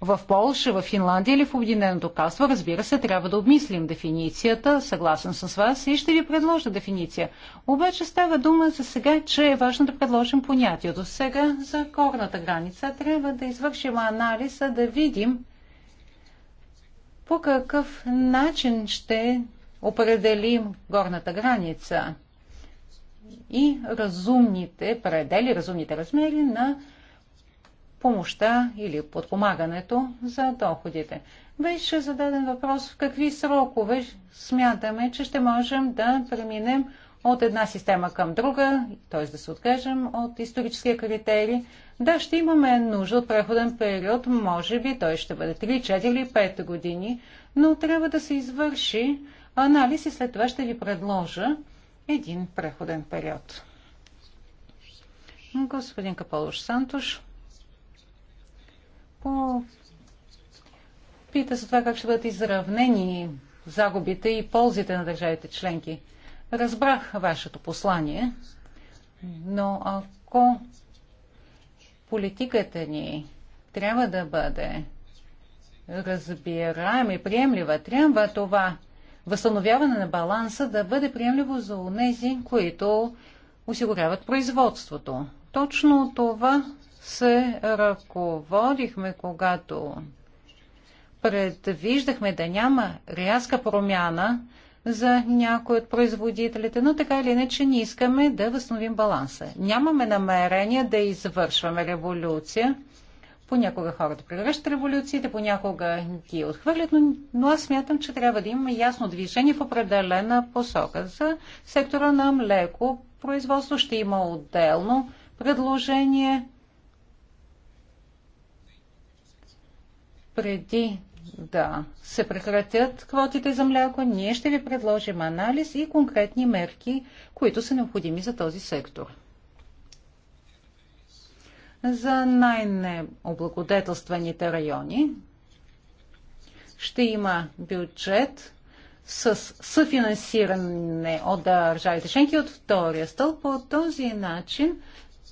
в Полша, в Финландия или в Обединеното кралство. Разбира се, трябва да обмислим дефиницията, съгласен с вас и ще ви предложа дефиниция. Обаче става дума за сега, че е важно да предложим понятието. Сега за корната граница трябва да извършим анализа, да видим по какъв начин ще определим горната граница и разумните предели, разумните размери на помощта или подпомагането за доходите. Беше зададен въпрос в какви срокове смятаме, че ще можем да преминем от една система към друга, т.е. да се откажем от историческия критерий. Да, ще имаме нужда от преходен период, може би той ще бъде 3, 4 или 5 години, но трябва да се извърши анализ и след това ще ви предложа един преходен период. Господин Каполош Сантош по... пита за това как ще бъдат изравнени загубите и ползите на държавите членки. Разбрах вашето послание, но ако политиката ни трябва да бъде разбираема и приемлива, трябва това възстановяване на баланса да бъде приемливо за унези, които осигуряват производството. Точно това се ръководихме, когато предвиждахме да няма рязка промяна за някои от производителите, но така или иначе не искаме да възстановим баланса. Нямаме намерение да извършваме революция. Понякога хората прегръщат революциите, понякога ги отхвърлят, но, но аз смятам, че трябва да имаме ясно движение в определена посока. За сектора на млеко производство ще има отделно предложение преди да се прекратят квотите за мляко, ние ще ви предложим анализ и конкретни мерки, които са необходими за този сектор. За най-необлагодетелстваните райони ще има бюджет с съфинансиране от държавите членки от втория стълб. По този начин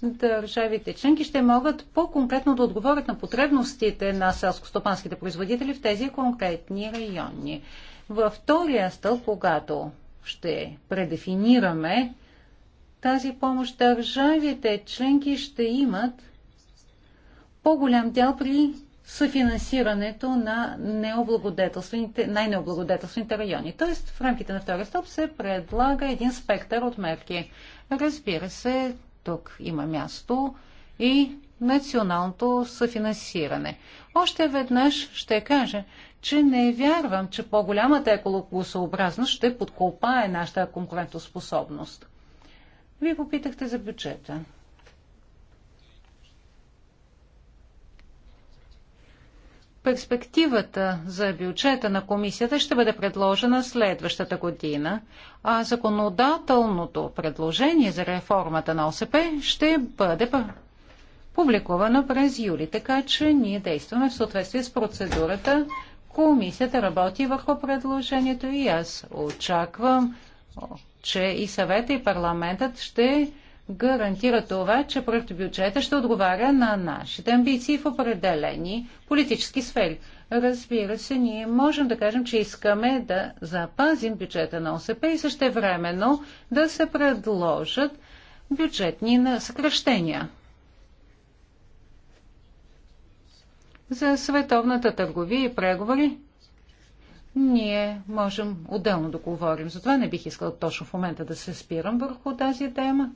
държавите членки ще могат по-конкретно да отговорят на потребностите на селскостопанските производители в тези конкретни райони. Във втория стъл, когато ще предефинираме тази помощ, държавите членки ще имат по-голям дял при съфинансирането на необлагодетелствените, най-необлагодетелствените райони. Тоест, в рамките на втория стоп се предлага един спектър от мерки. Разбира се, тук има място и националното съфинансиране. Още веднъж ще кажа, че не вярвам, че по-голямата екологосъобразност ще подкопае нашата конкурентоспособност. Вие попитахте за бюджета. Перспективата за бюджета на комисията ще бъде предложена следващата година, а законодателното предложение за реформата на ОСП ще бъде публикувано през юли, така че ние действаме в съответствие с процедурата. Комисията работи върху предложението и аз очаквам, че и съвета и парламентът ще гарантира това, че бюджета ще отговаря на нашите амбиции в определени политически сфери. Разбира се, ние можем да кажем, че искаме да запазим бюджета на ОСП и също времено да се предложат бюджетни съкръщения. За световната търговия и преговори ние можем отделно да говорим. Затова не бих искал точно в момента да се спирам върху тази тема.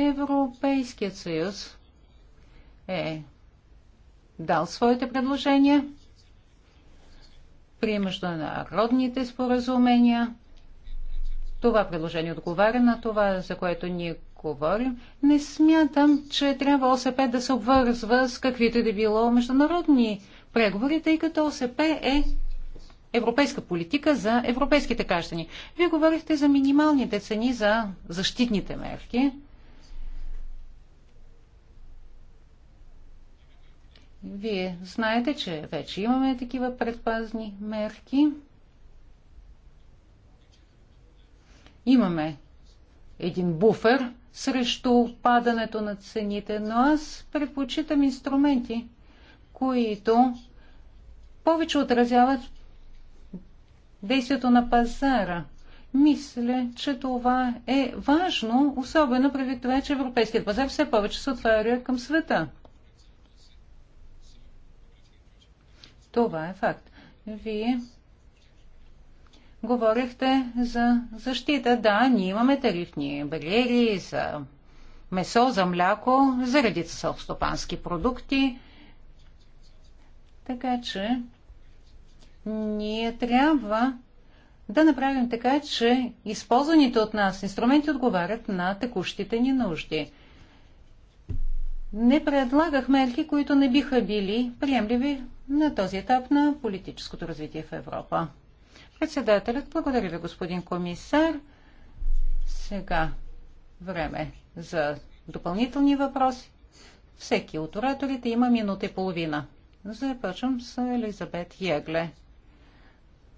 Европейският съюз е дал своите предложения при международните споразумения. Това предложение отговаря на това, за което ние говорим. Не смятам, че трябва ОСП да се обвързва с каквито да било международни преговори, тъй като ОСП е европейска политика за европейските граждани. Вие говорихте за минималните цени за защитните мерки. Вие знаете, че вече имаме такива предпазни мерки. Имаме един буфер срещу падането на цените, но аз предпочитам инструменти, които повече отразяват действието на пазара. Мисля, че това е важно, особено преди това, че европейският пазар все повече се отваря към света. Това е факт. Вие говорихте за защита. Да, ние имаме тарифни бариери за месо, за мляко, за редица селстопански продукти. Така че ние трябва да направим така, че използваните от нас инструменти отговарят на текущите ни нужди – не предлагах мерки, които не биха били приемливи на този етап на политическото развитие в Европа. Председателят, благодаря ви, господин комисар. Сега време за допълнителни въпроси. Всеки от ораторите има минута и половина. Започвам с Елизабет Ягле.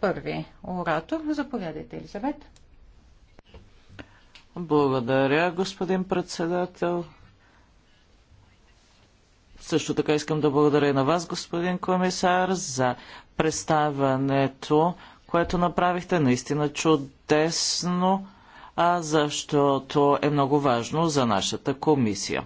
Първи оратор. Заповядайте, Елизабет. Благодаря, господин председател. Също така искам да благодаря на вас, господин комисар, за представянето, което направихте. Наистина чудесно, а защото е много важно за нашата комисия.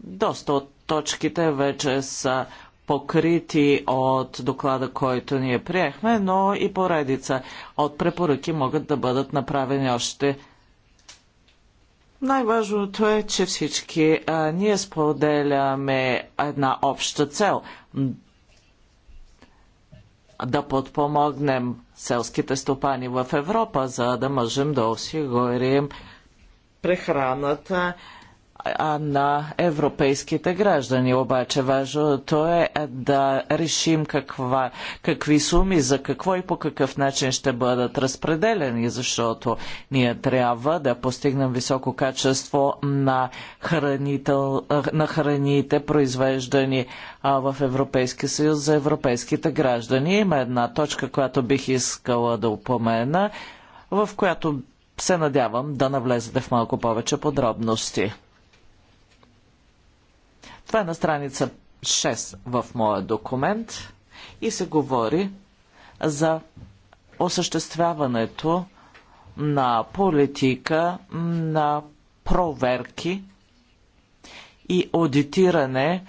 Доста от точките вече са покрити от доклада, който ние приехме, но и поредица от препоръки могат да бъдат направени още най-важното е, че всички а, ние споделяме една обща цел да подпомогнем селските стопани в Европа, за да можем да осигурим прехраната а на европейските граждани. Обаче важното е да решим каква, какви суми, за какво и по какъв начин ще бъдат разпределени, защото ние трябва да постигнем високо качество на, хранител, на храните, произвеждани в Европейския съюз за европейските граждани. Има една точка, която бих искала да упомена, в която се надявам да навлезете в малко повече подробности. Това е на страница 6 в моя документ и се говори за осъществяването на политика на проверки и аудитиране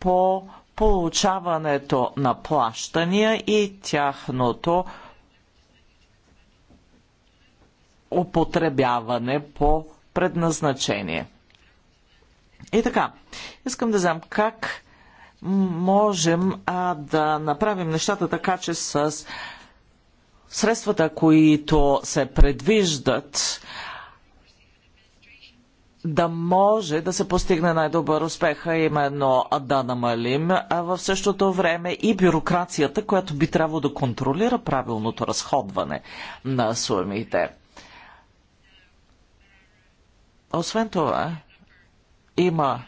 по получаването на плащания и тяхното употребяване по предназначение. И така, искам да знам как можем а, да направим нещата така, че с средствата, които се предвиждат, да може да се постигне най-добър успех, а именно да намалим а в същото време и бюрокрацията, която би трябвало да контролира правилното разходване на сумите. Освен това, има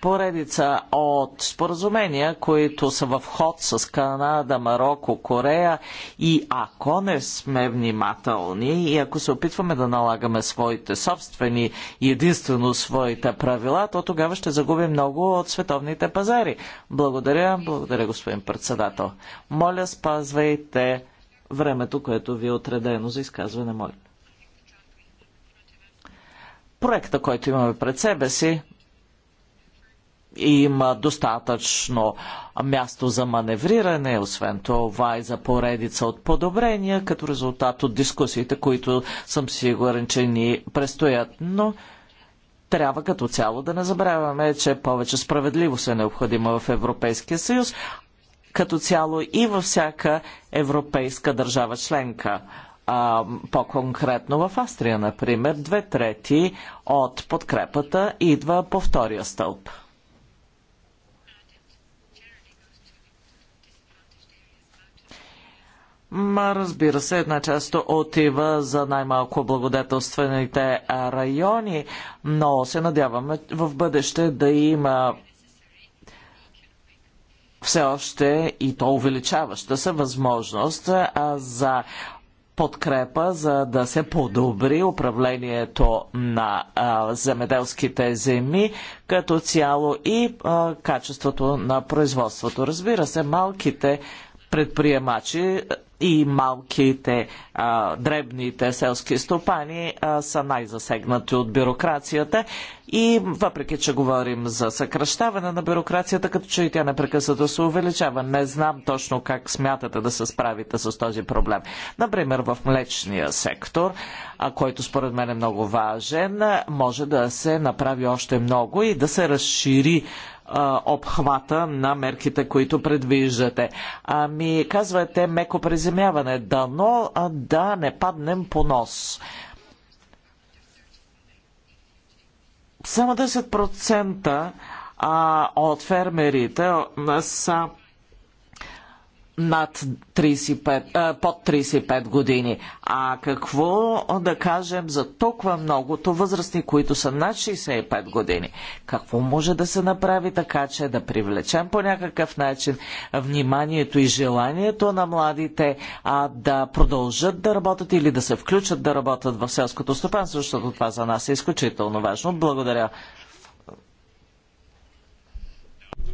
поредица от споразумения, които са в ход с Канада, Марокко, Корея и ако не сме внимателни и ако се опитваме да налагаме своите собствени и единствено своите правила, то тогава ще загубим много от световните пазари. Благодаря, благодаря господин председател. Моля, спазвайте времето, което ви е отредено за изказване. Моля проекта, който имаме пред себе си, има достатъчно място за маневриране, освен това и за поредица от подобрения, като резултат от дискусиите, които съм сигурен, че ни предстоят, Но трябва като цяло да не забравяме, че повече справедливост е необходима в Европейския съюз, като цяло и във всяка европейска държава членка по-конкретно в Австрия, например, две трети от подкрепата идва по втория стълб. Ма, разбира се, една част отива за най-малко благодетелствените райони, но се надяваме в бъдеще да има все още и то увеличаваща се възможност за подкрепа, за да се подобри управлението на а, земеделските земи като цяло и а, качеството на производството. Разбира се, малките предприемачи и малките, а, дребните селски стопани а, са най-засегнати от бюрокрацията и въпреки, че говорим за съкръщаване на бюрокрацията, като че и тя непрекъснато се увеличава, не знам точно как смятате да се справите с този проблем. Например, в млечния сектор, а, който според мен е много важен, може да се направи още много и да се разшири обхвата на мерките, които предвиждате. Ами, казвате меко приземяване, да, но да не паднем по нос. Само 10% от фермерите са над 35, под 35 години. А какво да кажем за толкова многото възрастни, които са над 65 години? Какво може да се направи така, че да привлечем по някакъв начин вниманието и желанието на младите а да продължат да работят или да се включат да работят в селското стопанство, защото това за нас е изключително важно. Благодаря.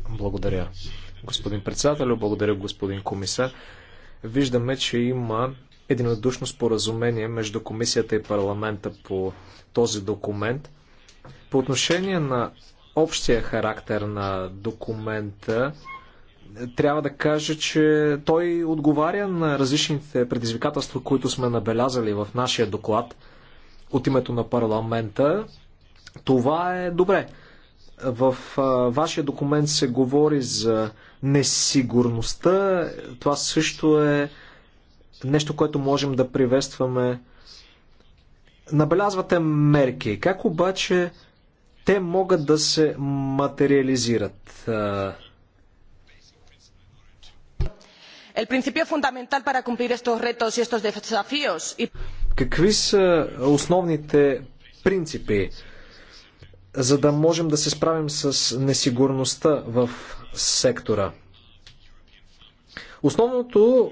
Благодаря господин председател, благодаря господин комисар. Виждаме, че има единодушно споразумение между комисията и парламента по този документ. По отношение на общия характер на документа, трябва да кажа, че той отговаря на различните предизвикателства, които сме набелязали в нашия доклад от името на парламента. Това е добре. В вашия документ се говори за несигурността. Това също е нещо, което можем да приветстваме. Набелязвате мерки. Как обаче те могат да се материализират? Какви са основните принципи за да можем да се справим с несигурността в сектора. Основното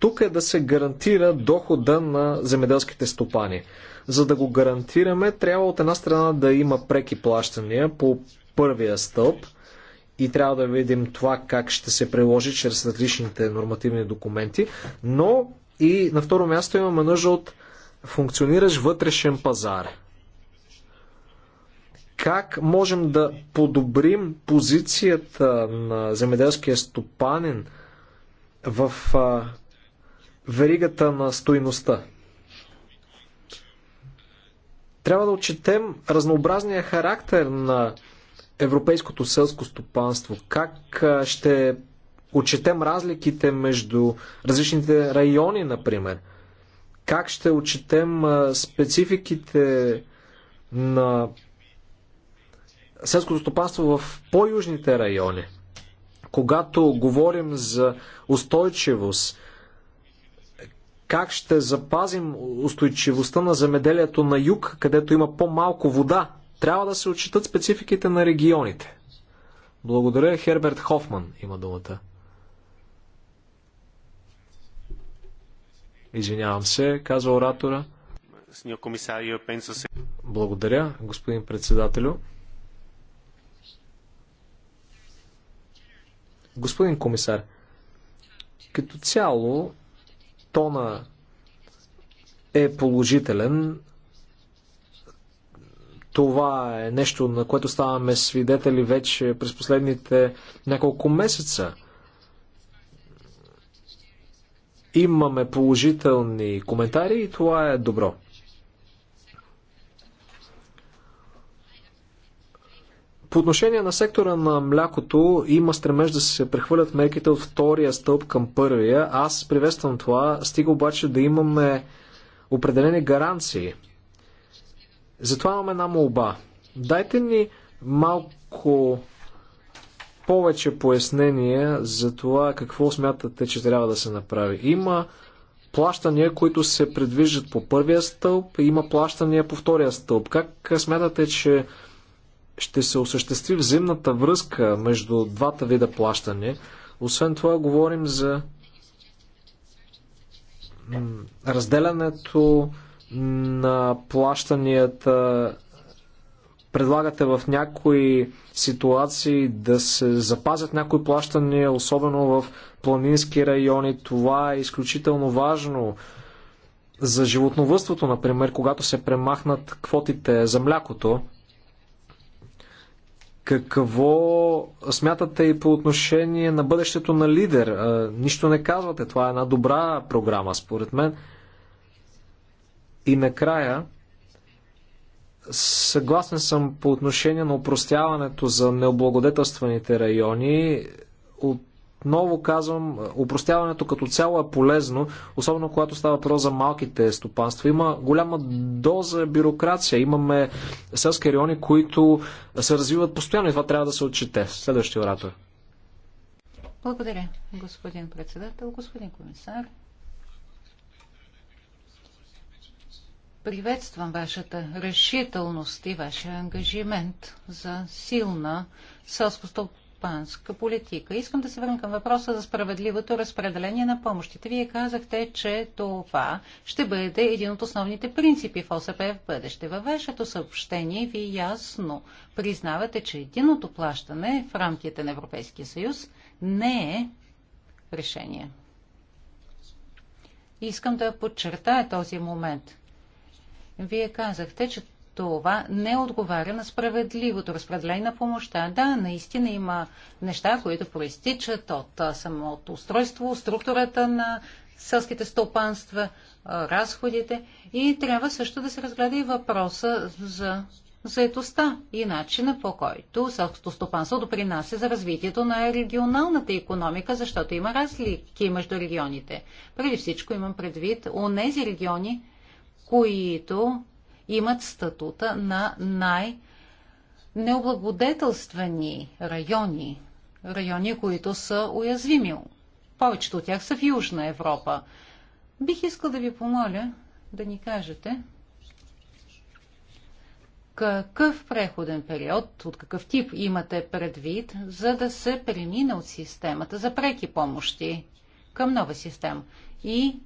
тук е да се гарантира дохода на земеделските стопани. За да го гарантираме, трябва от една страна да има преки плащания по първия стълб и трябва да видим това как ще се приложи чрез различните нормативни документи, но и на второ място имаме нужда от функциониращ вътрешен пазар – как можем да подобрим позицията на земеделския стопанин в веригата на стоиността? Трябва да отчетем разнообразния характер на европейското селско стопанство. Как ще отчетем разликите между различните райони, например? Как ще отчетем спецификите на селското стопанство в по-южните райони. Когато говорим за устойчивост, как ще запазим устойчивостта на земеделието на юг, където има по-малко вода, трябва да се отчитат спецификите на регионите. Благодаря, Херберт Хофман има думата. Извинявам се, казва оратора. Благодаря, господин председателю. Господин комисар, като цяло тона е положителен. Това е нещо, на което ставаме свидетели вече през последните няколко месеца. Имаме положителни коментари и това е добро. По отношение на сектора на млякото има стремеж да се прехвърлят мерките от втория стълб към първия. Аз приветствам това, стига обаче да имаме определени гаранции. Затова имаме една молба. Дайте ни малко повече пояснения за това какво смятате, че трябва да се направи. Има плащания, които се предвиждат по първия стълб, има плащания по втория стълб. Как смятате, че ще се осъществи взаимната връзка между двата вида плащане. Освен това, говорим за разделянето на плащанията. Предлагате в някои ситуации да се запазят някои плащания, особено в планински райони. Това е изключително важно за животновътството, например, когато се премахнат квотите за млякото. Какво смятате и по отношение на бъдещето на лидер? Нищо не казвате. Това е една добра програма, според мен. И накрая, съгласен съм по отношение на упростяването за необлагодетелстваните райони. От отново казвам, упростяването като цяло е полезно, особено когато става въпрос за малките стопанства. Има голяма доза бюрокрация. Имаме селски райони, които се развиват постоянно и това трябва да се отчете. Следващия оратор. Благодаря, господин председател, господин комисар. Приветствам вашата решителност и вашия ангажимент за силна селско стопанска политика. Искам да се върна към въпроса за справедливото разпределение на помощите. Вие казахте, че това ще бъде един от основните принципи в ОСП в бъдеще. Във вашето съобщение вие ясно признавате, че единото плащане в рамките на Европейския съюз не е решение. Искам да подчертая този момент. Вие казахте, че това не отговаря на справедливото разпределение на помощта. Да, наистина има неща, които проистичат от самото устройство, структурата на селските стопанства, разходите и трябва също да се разгледа и въпроса за заетостта и начина по който селското стопанство допринася за развитието на регионалната економика, защото има разлики между регионите. Преди всичко имам предвид у нези региони, които имат статута на най-необлагодетелствени райони, райони, които са уязвими. Повечето от тях са в Южна Европа. Бих искал да ви помоля да ни кажете какъв преходен период, от какъв тип имате предвид, за да се премине от системата за преки помощи към нова система? И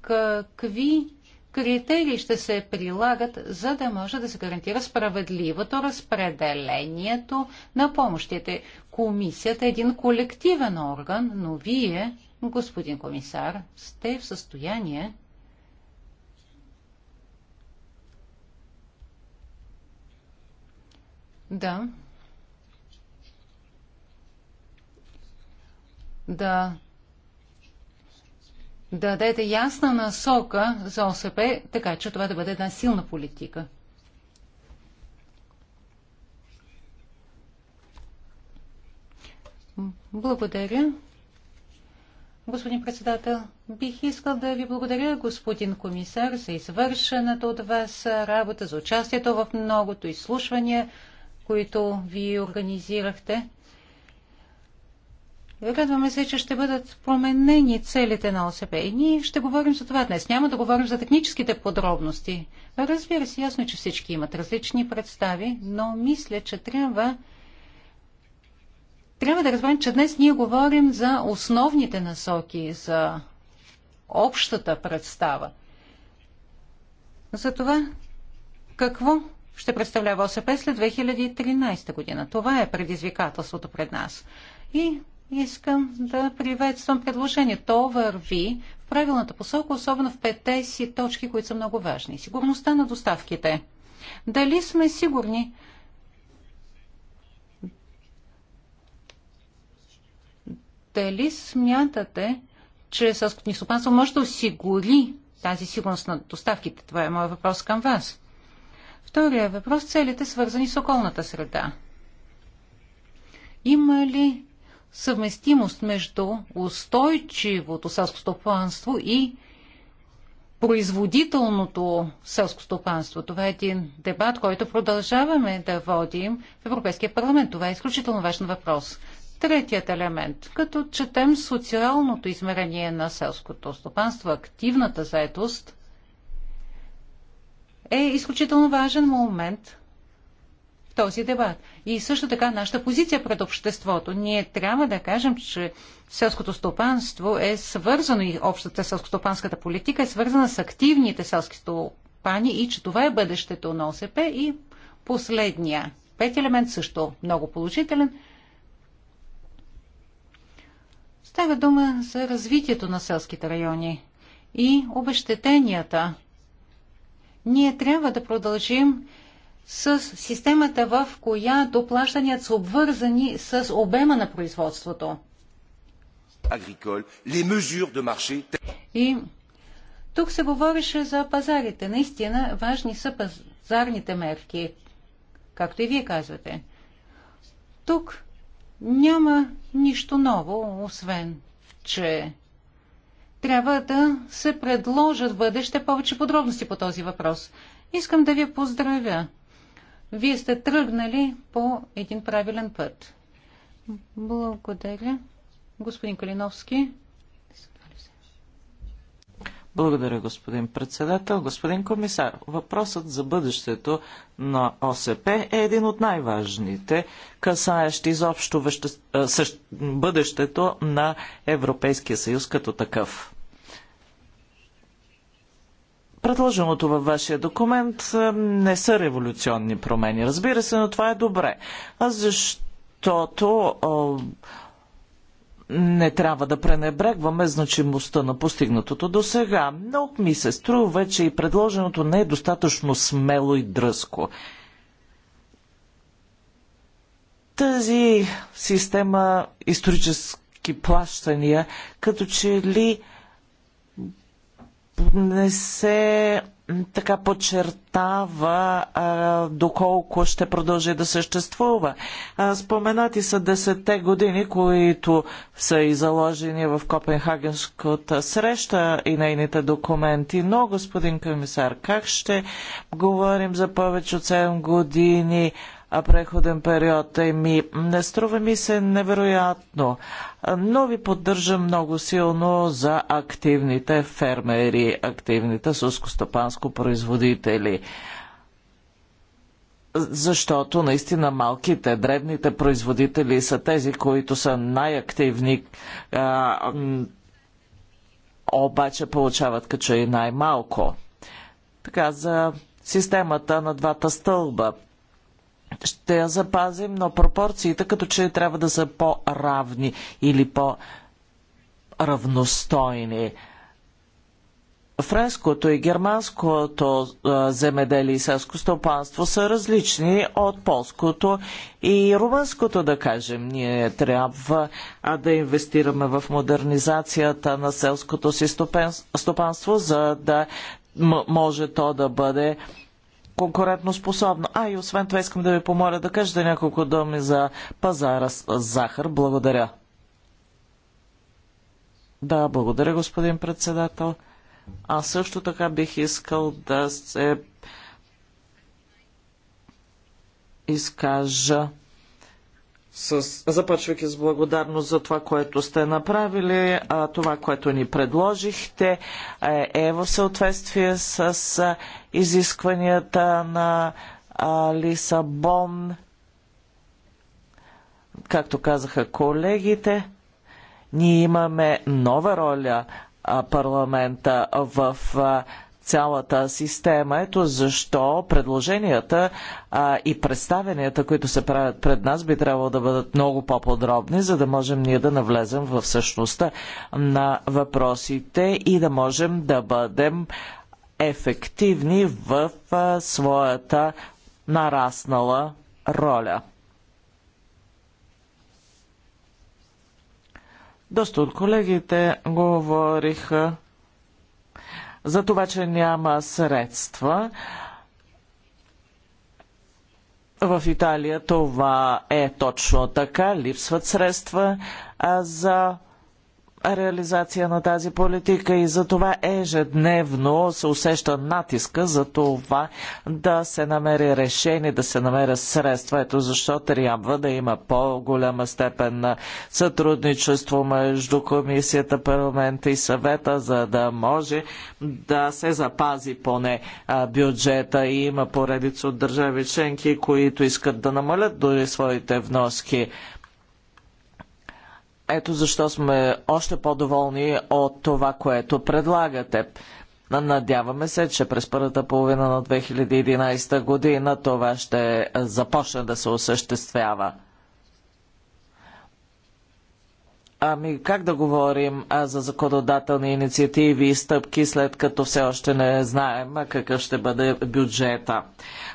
какви критерии ще се прилагат, за да може да се гарантира справедливото разпределението на помощите. Комисията е един колективен орган, но вие, господин комисар, сте в състояние да да да дадете ясна насока за ОСП, така че това да бъде една силна политика. Благодаря. Господин председател, бих искал да ви благодаря, господин комисар, за извършената от вас работа, за участието в многото изслушвания, които ви организирахте. Радваме се, че ще бъдат променени целите на ОСП. И ние ще говорим за това днес. Няма да говорим за техническите подробности. Разбира се, ясно, е, че всички имат различни представи, но мисля, че трябва трябва да разберем, че днес ние говорим за основните насоки, за общата представа. За това какво ще представлява ОСП след 2013 година. Това е предизвикателството пред нас. И искам да приветствам предложение. То върви в правилната посока, особено в петте си точки, които са много важни. Сигурността на доставките. Дали сме сигурни, дали смятате, че селското ни може да осигури тази сигурност на доставките? Това е моят въпрос към вас. Втория въпрос – целите свързани с околната среда. Има ли съвместимост между устойчивото селско стопанство и производителното селско стопанство. Това е един дебат, който продължаваме да водим в Европейския парламент. Това е изключително важен въпрос. Третият елемент. Като четем социалното измерение на селското стопанство, активната заетост, е изключително важен момент – този дебат. И също така нашата позиция пред обществото. Ние трябва да кажем, че селското стопанство е свързано и общата селскостопанската политика е свързана с активните селски стопани и че това е бъдещето на ОСП и последния. Пет елемент също много положителен. Става дума за развитието на селските райони и обещетенията. Ние трябва да продължим с системата, в която плащанията са обвързани с обема на производството. И тук се говореше за пазарите. Наистина важни са пазарните мерки, както и вие казвате. Тук няма нищо ново, освен, че трябва да се предложат в бъдеще повече подробности по този въпрос. Искам да ви поздравя вие сте тръгнали по един правилен път. Благодаря. Господин Калиновски. Благодаря, господин председател. Господин комисар, въпросът за бъдещето на ОСП е един от най-важните, касаещ изобщо веще... бъдещето на Европейския съюз като такъв. Предложеното във вашия документ не са революционни промени, разбира се, но това е добре. А защото не трябва да пренебрегваме значимостта на постигнатото до сега, но ми се струва, че и предложеното не е достатъчно смело и дръско. Тази система исторически плащания, като че ли не се така подчертава а, доколко ще продължи да съществува. А, споменати са десетте години, които са и заложени в Копенхагенската среща и нейните документи. Но, господин комисар, как ще говорим за повече от 7 години преходен период. Еми, не струва ми се невероятно, но ви поддържа много силно за активните фермери, активните сускостопанско производители защото наистина малките, дребните производители са тези, които са най-активни, обаче получават като и най-малко. Така за системата на двата стълба ще я запазим, но пропорциите като че трябва да са по-равни или по-равностойни. Френското и германското земеделие и селско стопанство са различни от полското и румънското, да кажем. Ние трябва да инвестираме в модернизацията на селското си стопанство, за да може то да бъде конкурентоспособно. А и освен това искам да ви помоля да кажете няколко думи за пазара с захар. Благодаря. Да, благодаря, господин председател. А също така бих искал да се изкажа с, започвайки с благодарност за това, което сте направили, а това, което ни предложихте, е, е в съответствие с а, изискванията на а, Лисабон. Както казаха колегите, ние имаме нова роля а, парламента в а, цялата система. Ето защо предложенията а, и представенията, които се правят пред нас, би трябвало да бъдат много по-подробни, за да можем ние да навлезем в същността на въпросите и да можем да бъдем ефективни в а, своята нараснала роля. Доста от колегите говориха за това, че няма средства. В Италия това е точно така. Липсват средства за реализация на тази политика и за това ежедневно се усеща натиска за това да се намери решение, да се намеря средства. Ето защо трябва да има по-голяма степен на сътрудничество между комисията, парламента и съвета, за да може да се запази поне бюджета и има поредица от държави членки, които искат да намалят дори своите вноски. Ето защо сме още по-доволни от това, което предлагате. Надяваме се, че през първата половина на 2011 година това ще започне да се осъществява. Ами как да говорим а, за законодателни инициативи и стъпки, след като все още не знаем какъв ще бъде бюджета?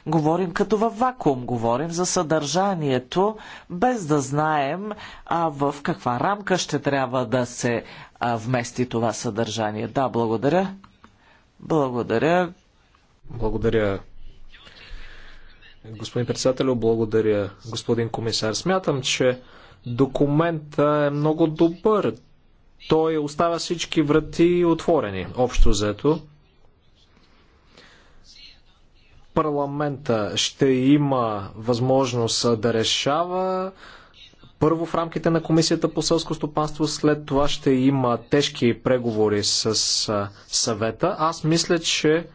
Говорим като във вакуум, говорим за съдържанието, без да знаем а, в каква рамка ще трябва да се а, вмести това съдържание. Да, благодаря. Благодаря. Благодаря, господин председател, благодаря, господин комисар. Смятам, че Документа е много добър. Той оставя всички врати отворени, общо взето. Парламента ще има възможност да решава първо в рамките на Комисията по селско стопанство, след това ще има тежки преговори с съвета. Аз мисля, че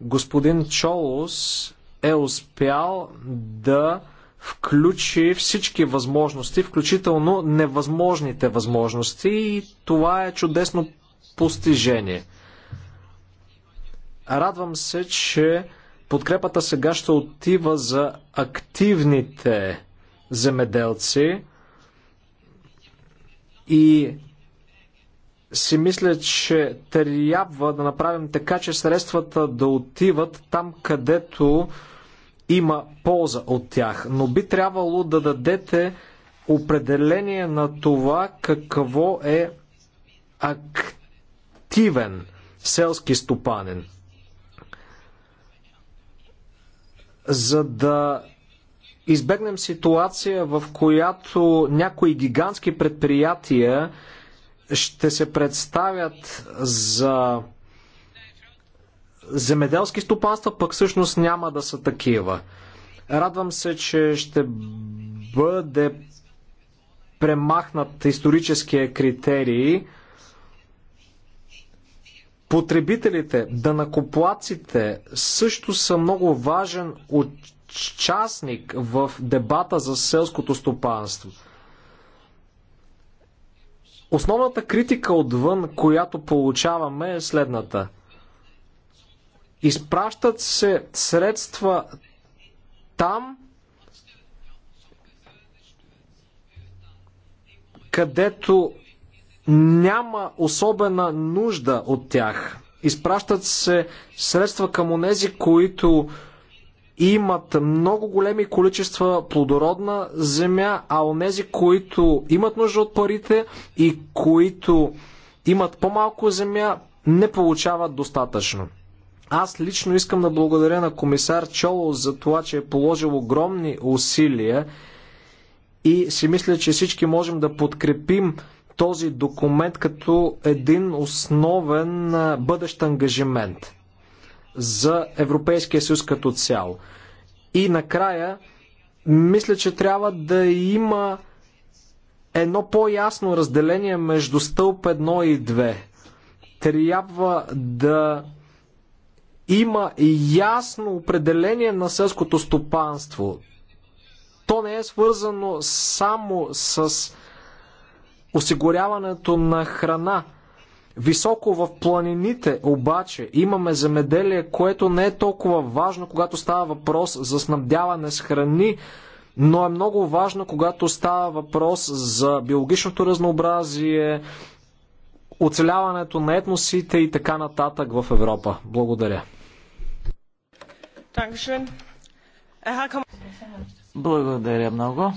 господин Чолос е успял да включи всички възможности, включително невъзможните възможности и това е чудесно постижение. Радвам се, че подкрепата сега ще отива за активните земеделци и си мисля, че трябва да направим така, че средствата да отиват там, където има полза от тях, но би трябвало да дадете определение на това какво е активен селски стопанин. За да избегнем ситуация, в която някои гигантски предприятия ще се представят за земеделски стопанства, пък всъщност няма да са такива. Радвам се, че ще бъде премахнат историческия критерий потребителите, данакоплаците също са много важен участник в дебата за селското стопанство. Основната критика отвън, която получаваме е следната – Изпращат се средства там, където няма особена нужда от тях. Изпращат се средства към онези, които имат много големи количества плодородна земя, а онези, които имат нужда от парите и които имат по-малко земя, не получават достатъчно. Аз лично искам да благодаря на комисар Чоло за това, че е положил огромни усилия и си мисля, че всички можем да подкрепим този документ като един основен бъдещ ангажимент за Европейския съюз като цяло. И накрая, мисля, че трябва да има едно по-ясно разделение между стълб 1 и 2. Трябва да има ясно определение на селското стопанство. То не е свързано само с осигуряването на храна. Високо в планините обаче имаме земеделие, което не е толкова важно, когато става въпрос за снабдяване с храни, но е много важно, когато става въпрос за биологичното разнообразие, оцеляването на етносите и така нататък в Европа. Благодаря. Äh, Благодаря много.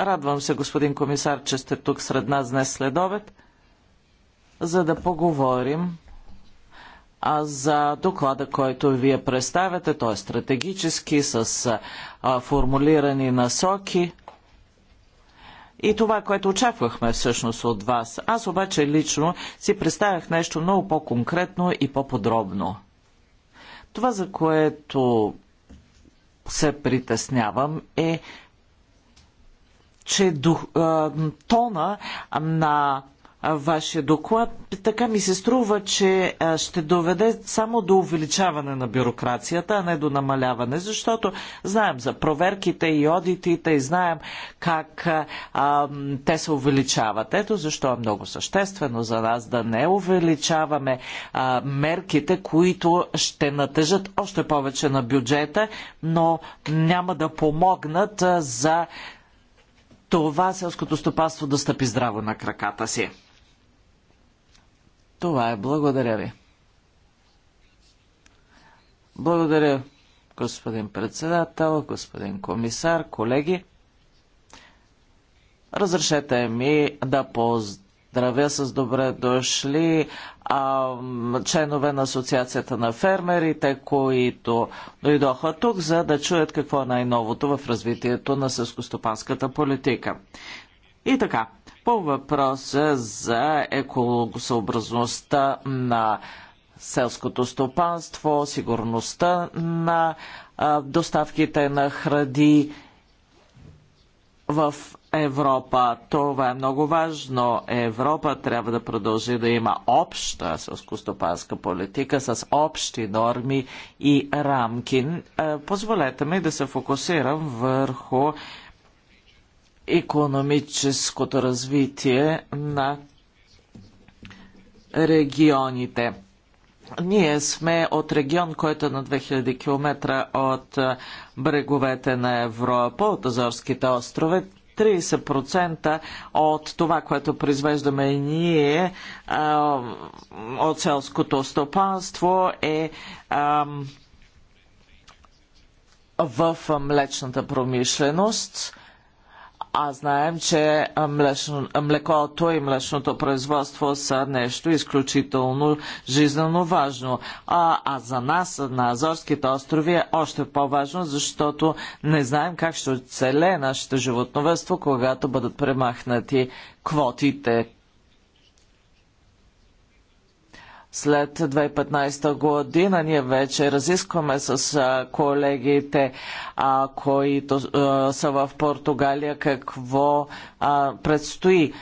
Радвам се, господин комисар, че сте тук сред нас днес след обед, за да поговорим а за доклада, който вие представяте, той е стратегически, с а, формулирани насоки. И това, което очаквахме всъщност от вас. Аз обаче лично си представях нещо много по-конкретно и по-подробно. Това, за което се притеснявам е, че дух, е, тона на вашия доклад, така ми се струва, че ще доведе само до увеличаване на бюрокрацията, а не до намаляване, защото знаем за проверките и одитите и знаем как а, те се увеличават. Ето защо е много съществено за нас да не увеличаваме а, мерките, които ще натежат още повече на бюджета, но няма да помогнат за това селското стопанство да стъпи здраво на краката си. Това е. Благодаря ви. Благодаря, господин председател, господин комисар, колеги. Разрешете ми да поздравя с добре дошли а, членове на Асоциацията на фермерите, които дойдоха тук, за да чуят какво е най-новото в развитието на съскостопанската политика. И така, по въпроса за екологосъобразността на селското стопанство, сигурността на доставките на хради в Европа. Това е много важно. Европа трябва да продължи да има обща селскостопанска политика с общи норми и рамки. Е, позволете ми да се фокусирам върху економическото развитие на регионите. Ние сме от регион, който е на 2000 км от бреговете на Европа, от Азорските острове. 30% от това, което произвеждаме ние а, от селското стопанство е а, в млечната промишленост а знаем, че млечно, млекото и млечното производство са нещо изключително жизненно важно. А, а за нас на Азорските острови е още по-важно, защото не знаем как ще оцеле нашето животновътство, когато бъдат премахнати квотите, след 2015 година. Ние вече разискваме с колегите, а, които а, са в Португалия, какво а, предстои.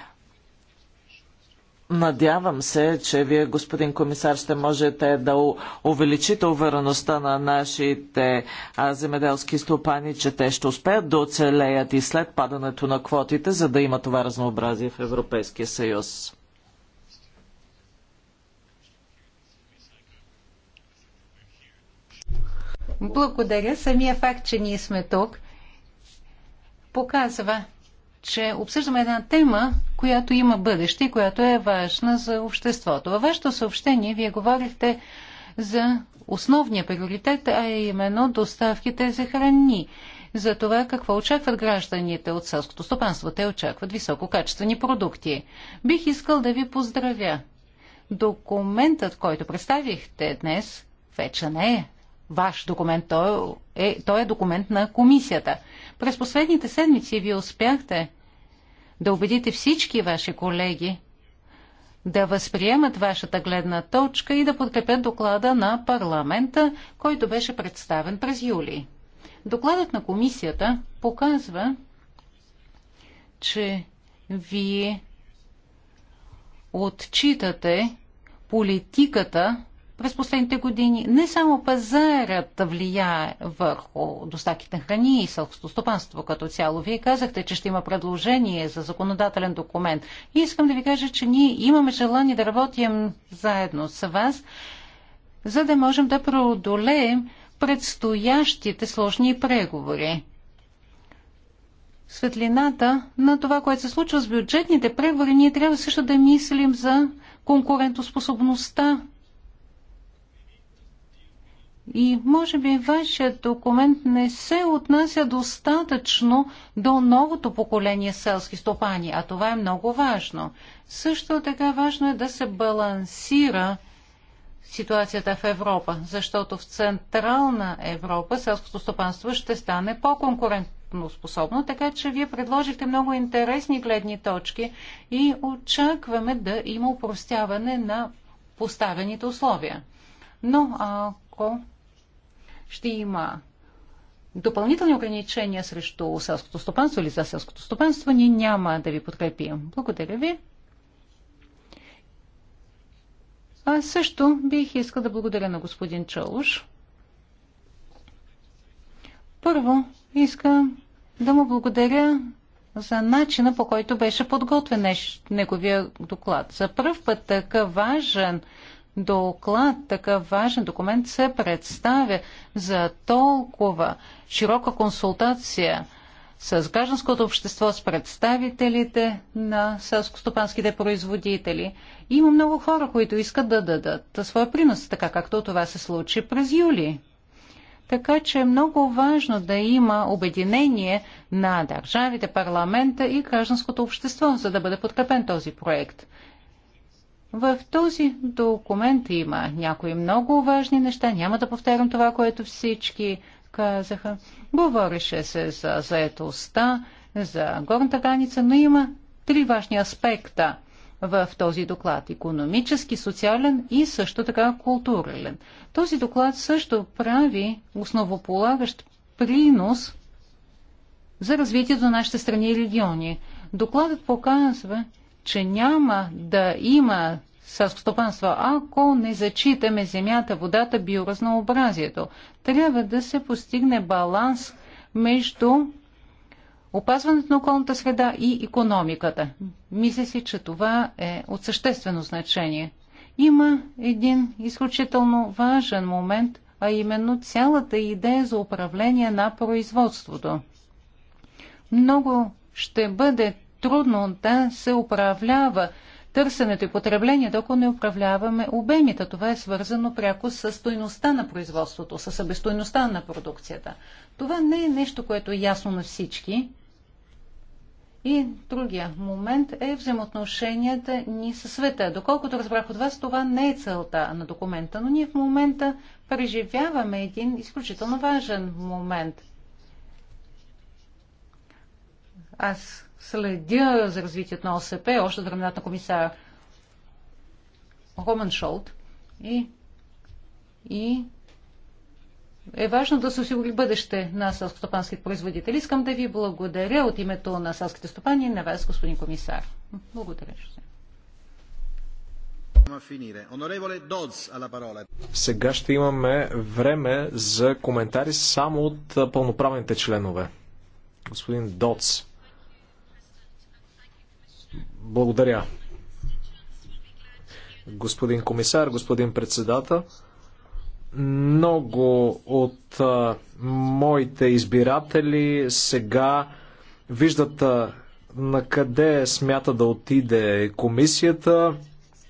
Надявам се, че вие, господин комисар, ще можете да увеличите увереността на нашите земеделски стопани, че те ще успеят да оцелеят и след падането на квотите, за да има това разнообразие в Европейския съюз. Благодаря. Самия факт, че ние сме тук, показва, че обсъждаме една тема, която има бъдеще и която е важна за обществото. Във вашето съобщение вие говорихте за основния приоритет, а именно доставките за храни. За това какво очакват гражданите от селското стопанство. Те очакват висококачествени продукти. Бих искал да ви поздравя. Документът, който представихте днес, вече не е ваш документ, той е, той е документ на комисията. През последните седмици вие успяхте да убедите всички ваши колеги да възприемат вашата гледна точка и да подкрепят доклада на парламента, който беше представен през юли. Докладът на комисията показва, че вие отчитате политиката през последните години не само пазарът влияе върху доставките на храни и селското стопанство като цяло. Вие казахте, че ще има предложение за законодателен документ. И искам да ви кажа, че ние имаме желание да работим заедно с вас, за да можем да преодолеем предстоящите сложни преговори. Светлината на това, което се случва с бюджетните преговори, ние трябва също да мислим за конкурентоспособността и може би вашият документ не се отнася достатъчно до новото поколение селски стопани, а това е много важно. Също така важно е да се балансира ситуацията в Европа, защото в Централна Европа селското стопанство ще стане по-конкурентно способно, така че вие предложихте много интересни гледни точки и очакваме да има упростяване на поставените условия. Но ако ще има допълнителни ограничения срещу селското стопанство или за селското стопанство, ние няма да ви подкрепим. Благодаря ви. А също бих искал да благодаря на господин Чолуш. Първо, искам да му благодаря за начина по който беше подготвен неговия доклад. За първ път така важен доклад, такъв важен документ се представя за толкова широка консултация с гражданското общество, с представителите на селскостопанските производители. Има много хора, които искат да дадат своя принос, така както това се случи през юли. Така че е много важно да има обединение на държавите, парламента и гражданското общество, за да бъде подкрепен този проект. В този документ има някои много важни неща. Няма да повтарям това, което всички казаха. Говореше се за заетостта, за горната граница, но има три важни аспекта в този доклад. Економически, социален и също така културен. Този доклад също прави основополагащ принос за развитието на нашите страни и региони. Докладът показва, че няма да има стопанство, ако не зачитаме земята, водата, биоразнообразието. Трябва да се постигне баланс между опазването на околната среда и економиката. Мисля си, че това е от съществено значение. Има един изключително важен момент, а именно цялата идея за управление на производството. Много ще бъде трудно да се управлява търсенето и потреблението, ако не управляваме обемите. Това е свързано пряко с стойността на производството, с събестойността на продукцията. Това не е нещо, което е ясно на всички. И другия момент е взаимоотношенията ни със света. Доколкото разбрах от вас, това не е целта на документа, но ние в момента преживяваме един изключително важен момент. Аз следя за развитието на ОСП, още от времената на комисар Роман Шолт. И, и е важно да се осигури бъдеще на селскостопанските производители. Искам да ви благодаря от името на селските стопани и на вас, господин комисар. Благодаря. Сега ще имаме време за коментари само от пълноправните членове. Господин Доц. Благодаря. Господин комисар, господин председател, много от а, моите избиратели сега виждат а, на къде смята да отиде комисията,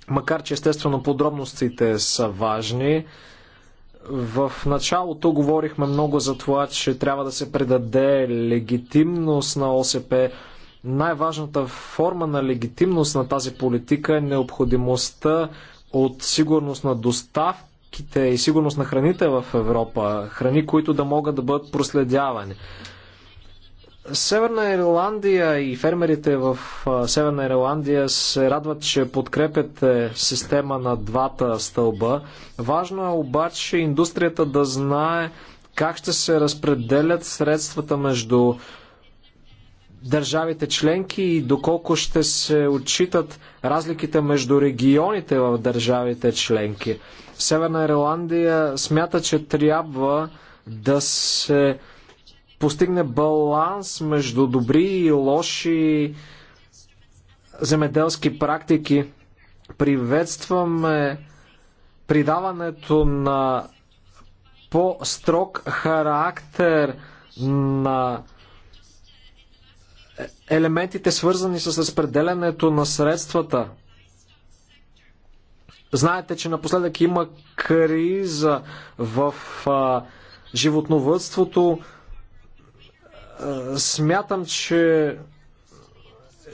макар че естествено подробностите са важни. В началото говорихме много за това, че трябва да се предаде легитимност на ОСП най-важната форма на легитимност на тази политика е необходимостта от сигурност на доставките и сигурност на храните в Европа. Храни, които да могат да бъдат проследявани. Северна Ирландия и фермерите в Северна Ирландия се радват, че подкрепят е, система на двата стълба. Важно е обаче индустрията да знае как ще се разпределят средствата между държавите членки и доколко ще се отчитат разликите между регионите в държавите членки. Северна Ирландия смята, че трябва да се постигне баланс между добри и лоши земеделски практики. Приветстваме придаването на по-строг характер на елементите свързани с разпределянето на средствата. Знаете, че напоследък има криза в а, животновътството. А, смятам, че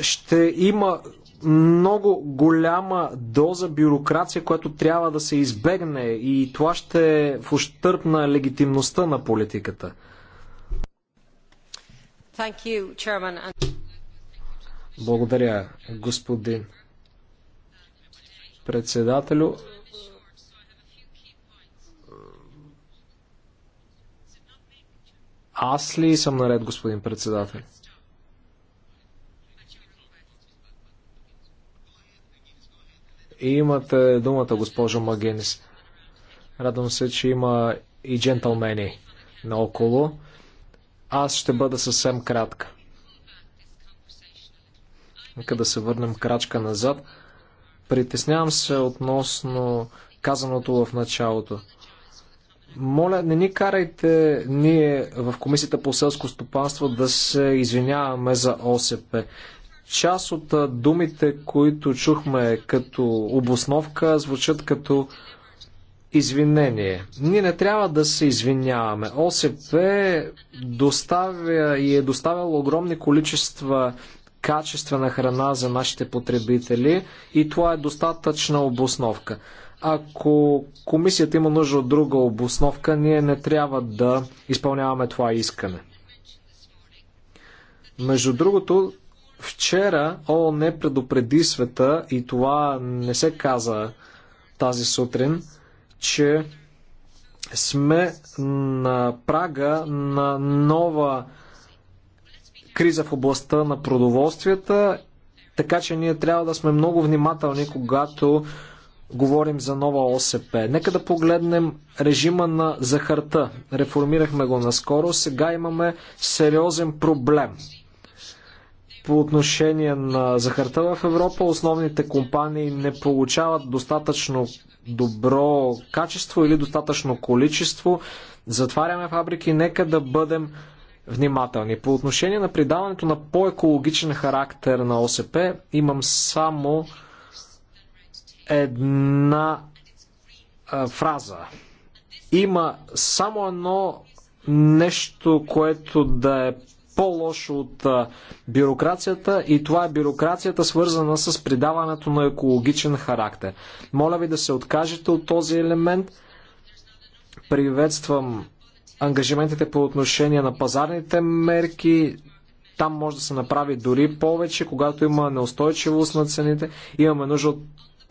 ще има много голяма доза бюрокрация, която трябва да се избегне и това ще е в ущърп на легитимността на политиката. Благодаря, господин председателю. Аз ли съм наред, господин председател? Имате думата, госпожо Магенис. Радвам се, че има и джентълмени наоколо. Аз ще бъда съвсем кратка. Нека да се върнем крачка назад. Притеснявам се относно казаното в началото. Моля, не ни карайте ние в Комисията по селско стопанство да се извиняваме за ОСП. Част от думите, които чухме като обосновка, звучат като извинение. Ние не трябва да се извиняваме. ОСП доставя и е доставяло огромни количества качествена храна за нашите потребители и това е достатъчна обосновка. Ако комисията има нужда от друга обосновка, ние не трябва да изпълняваме това искане. Между другото, вчера ООН е е предупреди света и това не се каза тази сутрин – че сме на прага на нова криза в областта на продоволствията, така че ние трябва да сме много внимателни, когато говорим за нова ОСП. Нека да погледнем режима на захарта. Реформирахме го наскоро. Сега имаме сериозен проблем по отношение на захарта в Европа, основните компании не получават достатъчно добро качество или достатъчно количество. Затваряме фабрики, нека да бъдем внимателни. По отношение на придаването на по-екологичен характер на ОСП, имам само една а, фраза. Има само едно нещо, което да е по-лошо от бюрокрацията и това е бюрокрацията свързана с придаването на екологичен характер. Моля ви да се откажете от този елемент. Приветствам ангажиментите по отношение на пазарните мерки. Там може да се направи дори повече, когато има неустойчивост на цените. Имаме нужда от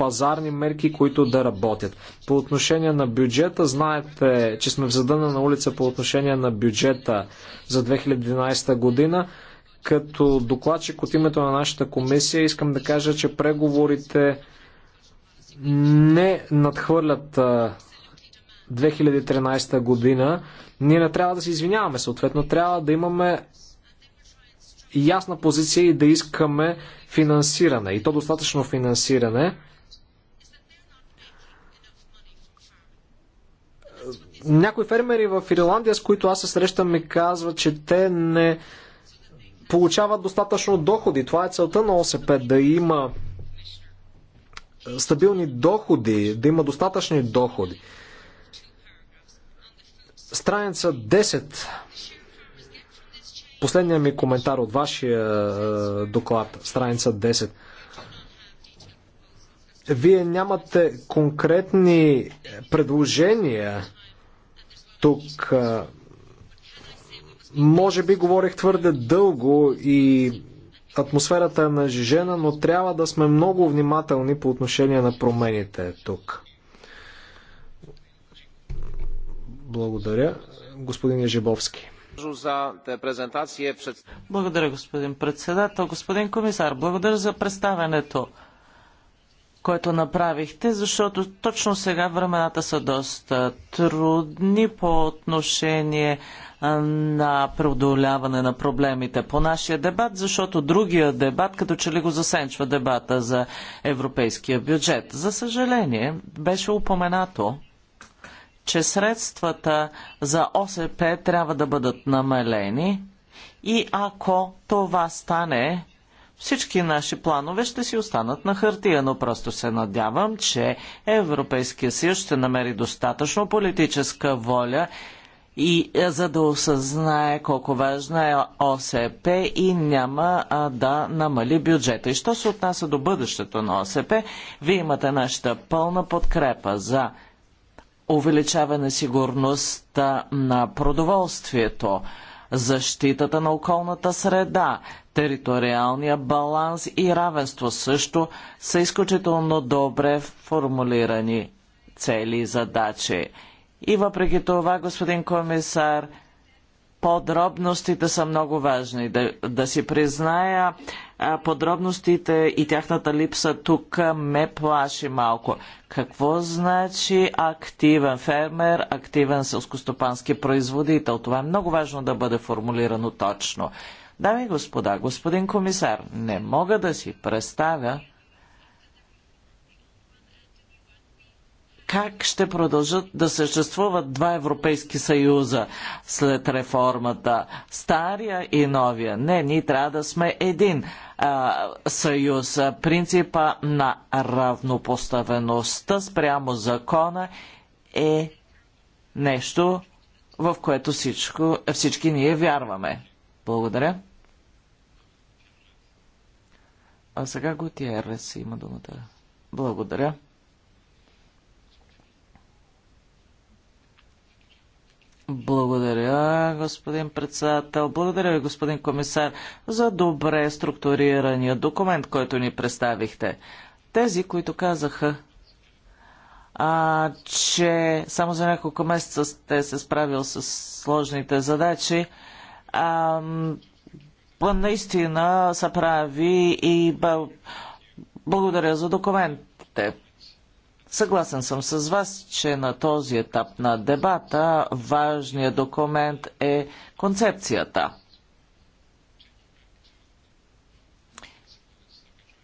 пазарни мерки, които да работят. По отношение на бюджета, знаете, че сме в на улица по отношение на бюджета за 2011 година. Като докладчик от името на нашата комисия искам да кажа, че преговорите не надхвърлят 2013 година. Ние не трябва да се извиняваме, съответно трябва да имаме ясна позиция и да искаме финансиране. И то достатъчно финансиране. Някои фермери в Ирландия, с които аз се срещам, ми казват, че те не получават достатъчно доходи. Това е целта на ОСП да има стабилни доходи, да има достатъчни доходи. Страница 10. Последния ми коментар от вашия е, доклад, страница 10. Вие нямате конкретни предложения тук. Може би говорих твърде дълго и атмосферата е нажижена, но трябва да сме много внимателни по отношение на промените тук. Благодаря. Господин Ежебовски. Благодаря, господин председател. Господин комисар, благодаря за представенето който направихте, защото точно сега времената са доста трудни по отношение на преодоляване на проблемите по нашия дебат, защото другия дебат като че ли го засенчва дебата за европейския бюджет. За съжаление, беше упоменато, че средствата за ОСП трябва да бъдат намалени и ако това стане, всички наши планове ще си останат на хартия, но просто се надявам, че Европейския съюз ще намери достатъчно политическа воля и е, за да осъзнае колко важна е ОСП и няма а, да намали бюджета. И що се отнася до бъдещето на ОСП, вие имате нашата пълна подкрепа за увеличаване сигурността на продоволствието, защитата на околната среда, териториалния баланс и равенство също са изключително добре формулирани цели и задачи. И въпреки това, господин комисар, подробностите са много важни. Да, да си призная, подробностите и тяхната липса тук ме плаши малко. Какво значи активен фермер, активен селскостопански производител? Това е много важно да бъде формулирано точно. Дами и господа, господин комисар, не мога да си представя как ще продължат да съществуват два Европейски съюза след реформата стария и новия. Не, ние трябва да сме един а, съюз. Принципа на равнопоставеността спрямо закона е нещо, в което всичко, всички ние вярваме. Благодаря. А сега Готиерес има думата. Благодаря. Благодаря, господин председател. Благодаря ви, господин комисар, за добре структурирания документ, който ни представихте. Тези, които казаха, а, че само за няколко месеца сте се справил с сложните задачи, а, наистина са прави и благодаря за документите. Съгласен съм с вас, че на този етап на дебата важният документ е концепцията.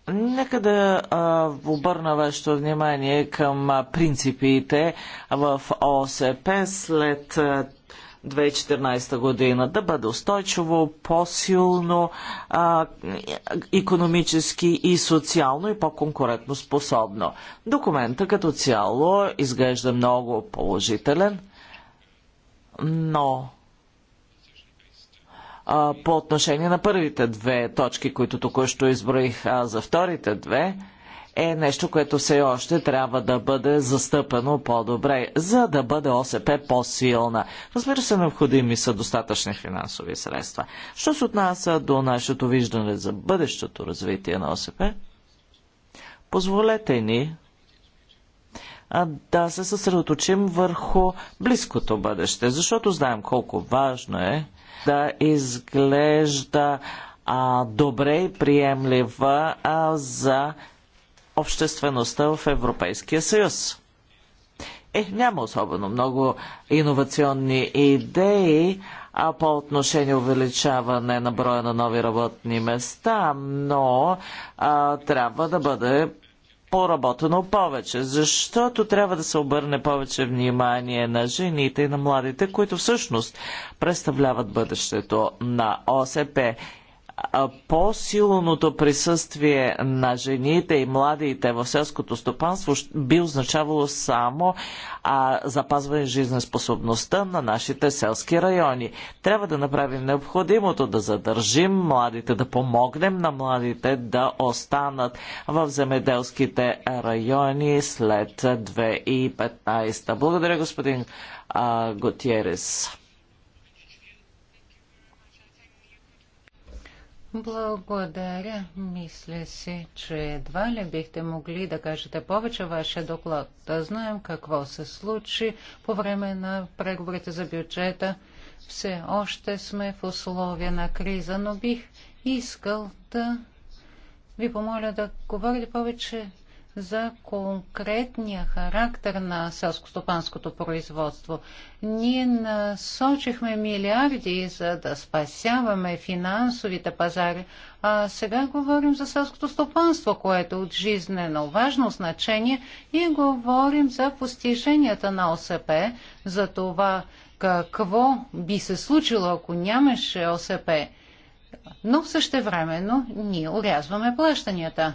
Нека да а, обърна вашето внимание към принципите в ОСП след 2014 година, да бъде устойчиво, по-силно, економически и социално и по-конкурентно способно. Документа като цяло изглежда много положителен, но а, по отношение на първите две точки, които току-що изброих а за вторите две – е нещо, което все още трябва да бъде застъпено по-добре, за да бъде ОСП по-силна. Разбира се, необходими са достатъчни финансови средства. Що се отнася до нашето виждане за бъдещото развитие на ОСП, позволете ни да се съсредоточим върху близкото бъдеще, защото знаем колко важно е да изглежда а, добре и приемлива а, за обществеността в Европейския съюз. Е, няма особено много иновационни идеи а по отношение увеличаване на броя на нови работни места, но а, трябва да бъде поработено повече, защото трябва да се обърне повече внимание на жените и на младите, които всъщност представляват бъдещето на ОСП по-силното присъствие на жените и младите в селското стопанство би означавало само а, запазване жизнеспособността на нашите селски райони. Трябва да направим необходимото да задържим младите, да помогнем на младите да останат в земеделските райони след 2015. Благодаря, господин а, Готиерес. Благодаря. Мисля си, че едва ли бихте могли да кажете повече вашия доклад. Да знаем какво се случи по време на преговорите за бюджета. Все още сме в условия на криза, но бих искал да ви помоля да говорите повече за конкретния характер на селскостопанското производство. Ние насочихме милиарди за да спасяваме финансовите пазари, а сега говорим за селското стопанство, което е от жизнено важно значение и говорим за постиженията на ОСП, за това какво би се случило, ако нямаше ОСП. Но същевременно ние урязваме плащанията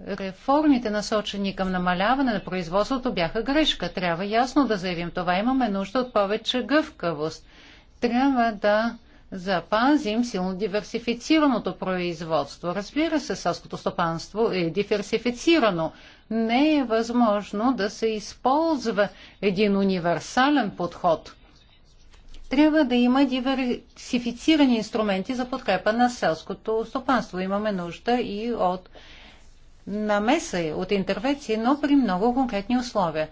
реформите, насочени към намаляване на производството, бяха грешка. Трябва ясно да заявим това. Имаме нужда от повече гъвкавост. Трябва да запазим силно диверсифицираното производство. Разбира се, селското стопанство е диверсифицирано. Не е възможно да се използва един универсален подход. Трябва да има диверсифицирани инструменти за подкрепа на селското стопанство. Имаме нужда и от намеса, от интервенции, но при много конкретни условия.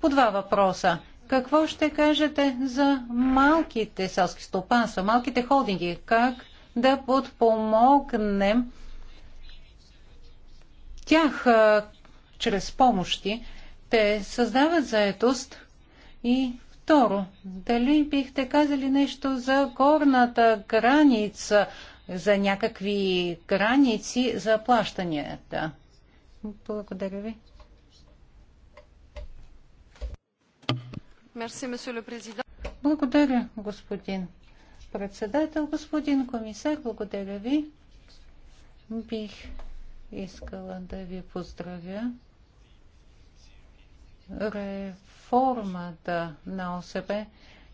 По два въпроса. Какво ще кажете за малките селски стопанства, малките холдинги? Как да подпомогнем тях а, чрез помощи? Те създават заетост и второ, дали бихте казали нещо за горната граница за някакви граници за плащанията. Благодаря ви. Благодаря, господин председател, господин комисар, благодаря ви. Бих искала да ви поздравя. Реформата на ОСП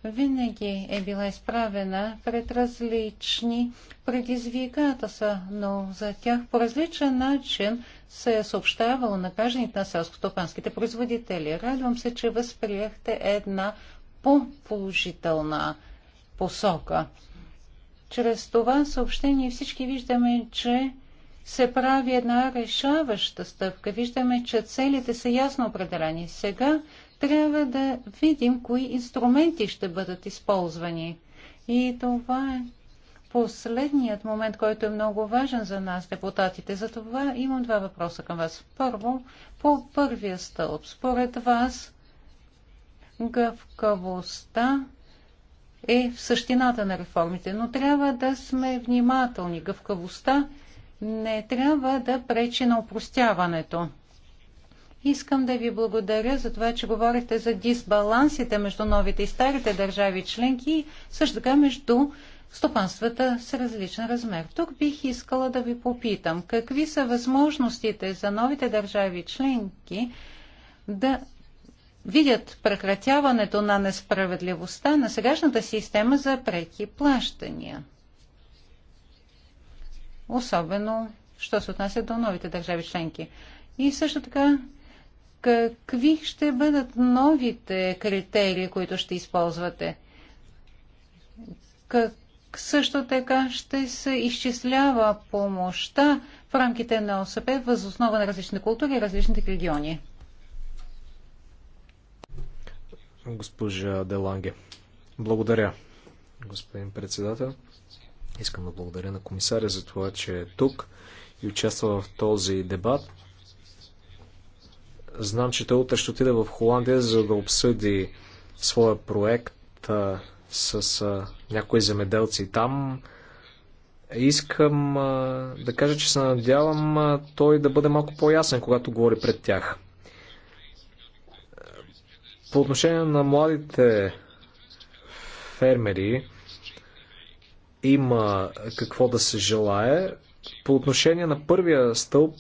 винаги е била изправена пред различни предизвикателства, но за тях по различен начин се е съобщавало на гражданите на топанските производители. Радвам се, че възприехте една по-положителна посока. Чрез това съобщение всички виждаме, че се прави една решаваща стъпка. Виждаме, че целите са ясно определени. Сега трябва да видим кои инструменти ще бъдат използвани. И това е последният момент, който е много важен за нас, депутатите. Затова имам два въпроса към вас. Първо, по първия стълб, според вас гъвкавостта е в същината на реформите, но трябва да сме внимателни. Гъвкавостта не трябва да пречи на упростяването. Искам да ви благодаря за това, че говорихте за дисбалансите между новите и старите държави членки и също така между стопанствата с различен размер. Тук бих искала да ви попитам, какви са възможностите за новите държави членки да видят прекратяването на несправедливостта на сегашната система за преки плащания. Особено, що се отнася до новите държави членки. И също така Какви ще бъдат новите критерии, които ще използвате? Как също така ще се изчислява помощта в рамките на ОСП въз основа на различни култури и различните региони? Госпожа Деланге. Благодаря, господин председател. Искам да благодаря на комисаря за това, че е тук и участва в този дебат. Знам, че той утре ще отиде в Холандия, за да обсъди своя проект а, с а, някои земеделци там. Искам а, да кажа, че се надявам а, той да бъде малко по-ясен, когато говори пред тях. По отношение на младите фермери, има какво да се желае. По отношение на първия стълб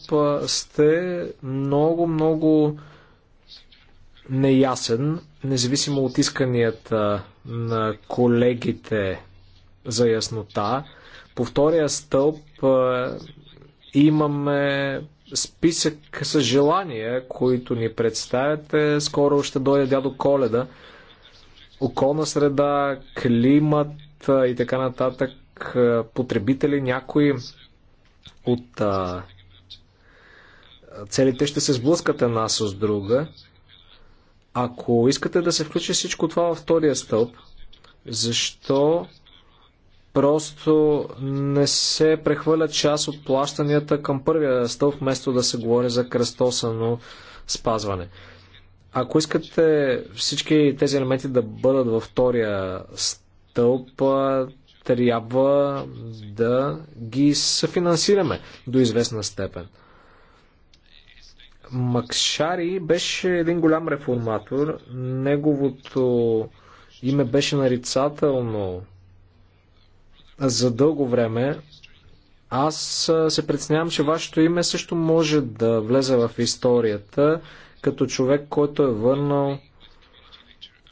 сте много, много неясен, независимо от исканията на колегите за яснота. По втория стълб имаме списък с желания, които ни представяте. Скоро ще дойде дядо Коледа. Околна среда, климат и така нататък, потребители, някои от а, целите ще се сблъскат една с друга. Ако искате да се включи всичко това във втория стълб, защо просто не се прехвърля част от плащанията към първия стълб, вместо да се говори за кръстосано спазване? Ако искате всички тези елементи да бъдат във втория стълб, трябва да ги съфинансираме до известна степен. Макшари беше един голям реформатор. Неговото име беше нарицателно за дълго време. Аз се предснявам, че вашето име също може да влезе в историята като човек, който е върнал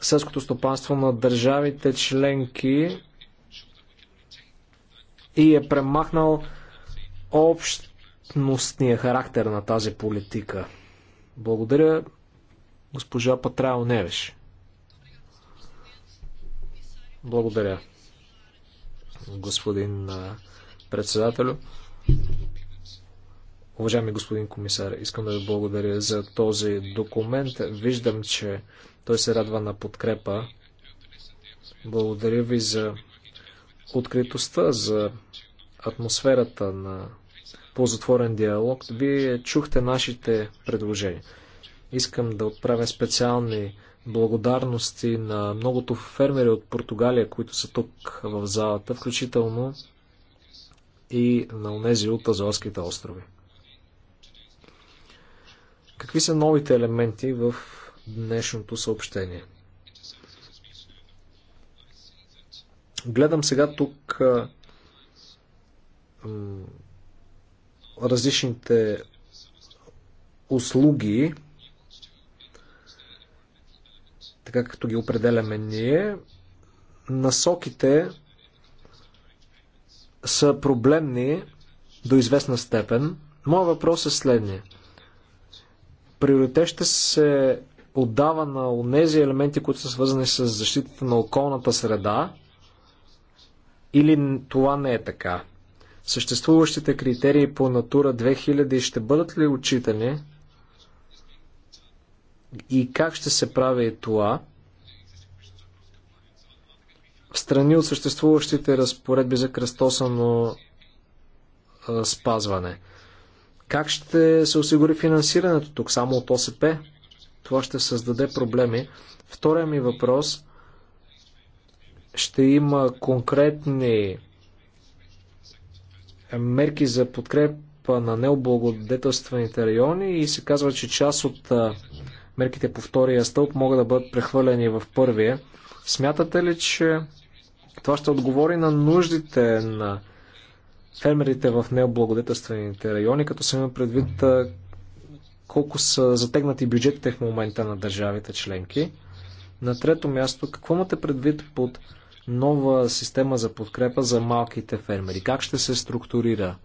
селското стопанство на държавите членки и е премахнал общностния характер на тази политика. Благодаря, госпожа Патрао Невеш. Благодаря, господин председателю. Уважаеми господин комисар, искам да ви благодаря за този документ. Виждам, че той се радва на подкрепа. Благодаря ви за откритостта, за атмосферата на ползотворен диалог. Вие чухте нашите предложения. Искам да отправя специални благодарности на многото фермери от Португалия, които са тук в залата, включително и на унези от Азорските острови. Какви са новите елементи в днешното съобщение? Гледам сега тук различните услуги, така както ги определяме ние, насоките са проблемни до известна степен. Моят въпрос е следния. Приоритет ще се отдава на тези елементи, които са свързани с защитата на околната среда, или това не е така? Съществуващите критерии по Натура 2000 ще бъдат ли отчитани? И как ще се прави това? В страни от съществуващите разпоредби за кръстосано спазване. Как ще се осигури финансирането тук? Само от ОСП? Това ще създаде проблеми. Втория ми въпрос ще има конкретни мерки за подкрепа на необлагодетелствените райони и се казва, че част от мерките по втория стълб могат да бъдат прехвърлени в първия. Смятате ли, че това ще отговори на нуждите на фермерите в необлагодетелствените райони, като се има предвид колко са затегнати бюджетите в момента на държавите членки? На трето място, какво имате предвид под нова система за подкрепа за малките фермери? Как ще се структурира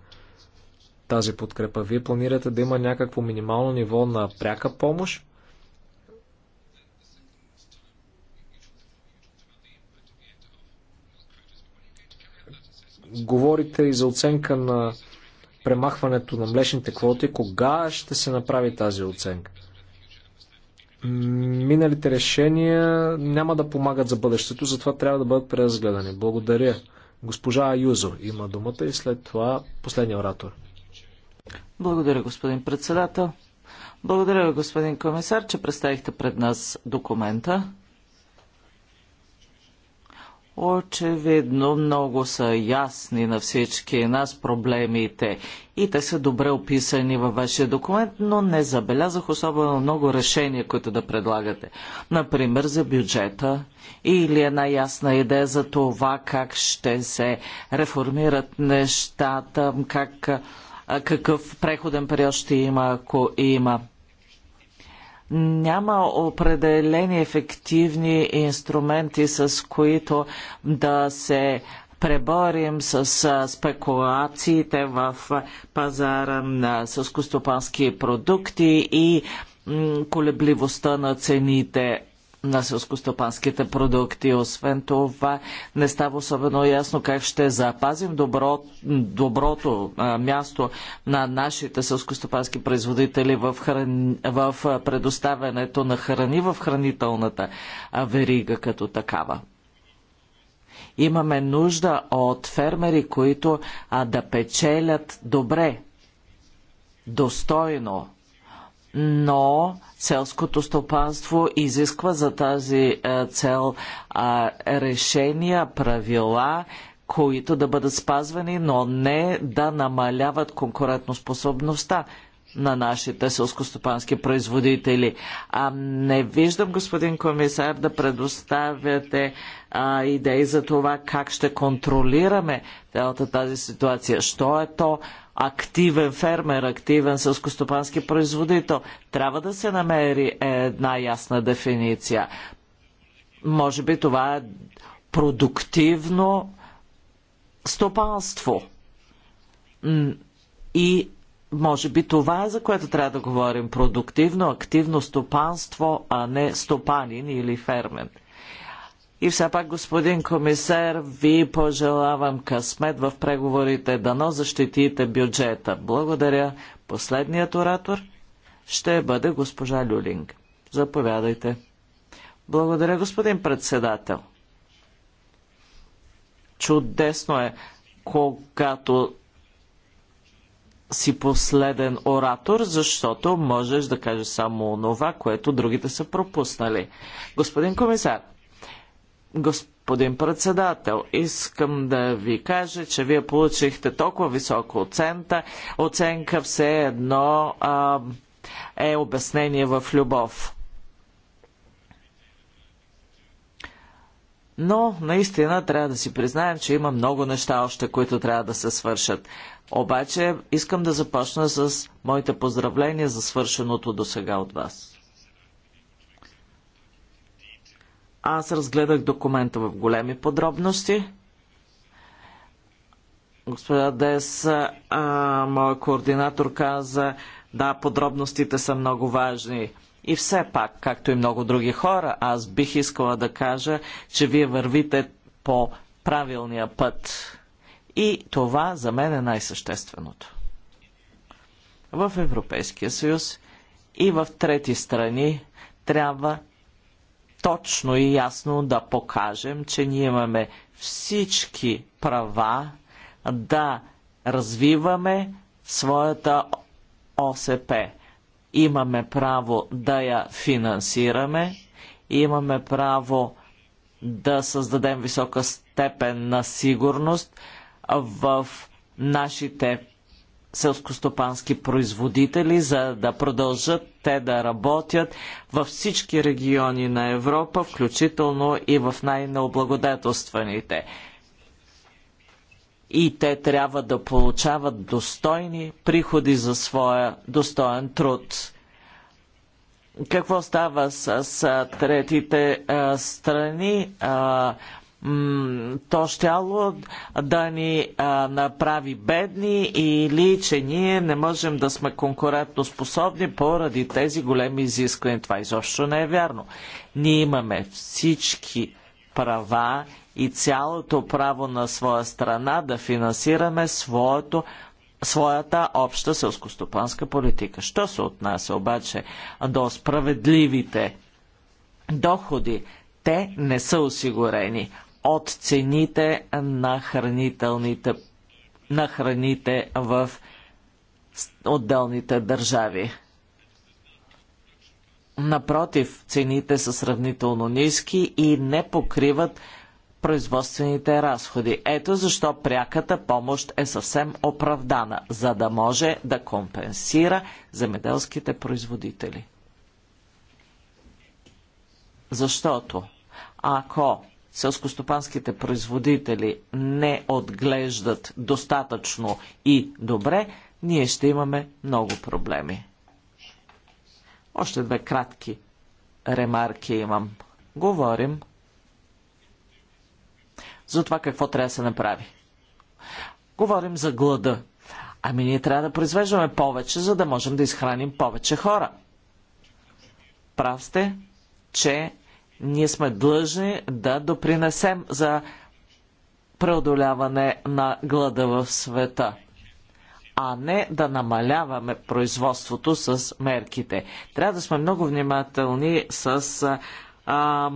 тази подкрепа? Вие планирате да има някакво минимално ниво на пряка помощ? Говорите и за оценка на премахването на млечните квоти. Кога ще се направи тази оценка? миналите решения няма да помагат за бъдещето, затова трябва да бъдат преразгледани. Благодаря. Госпожа Аюзо има думата и след това последния оратор. Благодаря, господин председател. Благодаря, господин комисар, че представихте пред нас документа. Очевидно много са ясни на всички нас проблемите и те са добре описани във вашия документ, но не забелязах особено много решения, които да предлагате. Например, за бюджета или една ясна идея за това как ще се реформират нещата, как, какъв преходен период ще има, ако има няма определени ефективни инструменти, с които да се преборим с спекулациите в пазара на съскостопански продукти и колебливостта на цените на селскостопанските продукти. Освен това, не става особено ясно как ще запазим добро, доброто а, място на нашите селскостопански производители в, хран... в предоставянето на храни в хранителната верига като такава. Имаме нужда от фермери, които а, да печелят добре, достойно но селското стопанство изисква за тази е, цел решения, правила, които да бъдат спазвани, но не да намаляват конкурентоспособността на нашите селскостопански производители. А не виждам, господин комисар, да предоставяте а, идеи за това как ще контролираме цялата тази ситуация. Що е то активен фермер, активен селскостопански производител? Трябва да се намери една ясна дефиниция. Може би това е продуктивно стопанство и може би това е за което трябва да говорим продуктивно, активно стопанство, а не стопанин или фермен. И все пак, господин комисар, ви пожелавам късмет в преговорите дано защитите бюджета. Благодаря. Последният оратор ще бъде госпожа Люлинг. Заповядайте. Благодаря, господин председател. Чудесно е, когато си последен оратор, защото можеш да кажеш само онова, което другите са пропуснали. Господин комисар, господин председател, искам да ви кажа, че вие получихте толкова висока оценка, оценка все едно а, е обяснение в любов. Но наистина трябва да си признаем, че има много неща още, които трябва да се свършат. Обаче искам да започна с моите поздравления за свършеното до сега от вас. Аз разгледах документа в големи подробности. Господа Дес, а, моя координатор каза, да, подробностите са много важни. И все пак, както и много други хора, аз бих искала да кажа, че вие вървите по правилния път. И това за мен е най-същественото. В Европейския съюз и в трети страни трябва точно и ясно да покажем, че ние имаме всички права да развиваме своята ОСП имаме право да я финансираме, имаме право да създадем висока степен на сигурност в нашите селскостопански производители, за да продължат те да работят във всички региони на Европа, включително и в най-необлагодетелстваните и те трябва да получават достойни приходи за своя достоен труд. Какво става с, с третите а, страни? А, то щяло да ни а, направи бедни или че ние не можем да сме конкурентно способни поради тези големи изисквания. Това изобщо не е вярно. Ние имаме всички права и цялото право на своя страна да финансираме своето своята обща селскостопанска политика. Що се отнася обаче до справедливите доходи, те не са осигурени от цените на хранителните на храните в отделните държави. Напротив, цените са сравнително ниски и не покриват производствените разходи. Ето защо пряката помощ е съвсем оправдана, за да може да компенсира земеделските производители. Защото ако селскостопанските производители не отглеждат достатъчно и добре, ние ще имаме много проблеми. Още две кратки ремарки имам. Говорим за това какво трябва да се направи. Говорим за глада. Ами ние трябва да произвеждаме повече, за да можем да изхраним повече хора. Прав сте, че ние сме длъжни да допринесем за преодоляване на глада в света, а не да намаляваме производството с мерките. Трябва да сме много внимателни с а,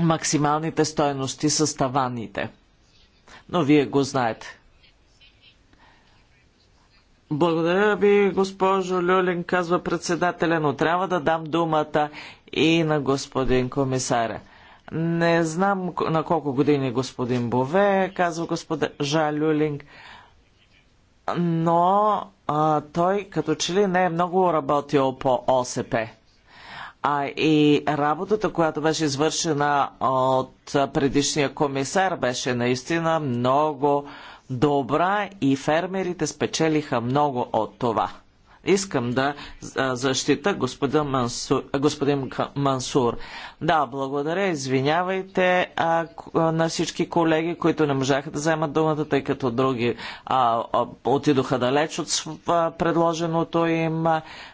максималните стоености с таваните. Но вие го знаете. Благодаря ви, госпожо Люлин, казва председателя, но трябва да дам думата и на господин комисаря. Не знам на колко години господин Бове, казва госпожа Люлинг, но а, той като че ли не е много работил по ОСП а и работата, която беше извършена от предишния комисар, беше наистина много добра и фермерите спечелиха много от това. Искам да защита господин Мансур. Господин Мансур. Да, благодаря, извинявайте а, на всички колеги, които не можаха да вземат думата, тъй като други а, отидоха далеч от предложеното им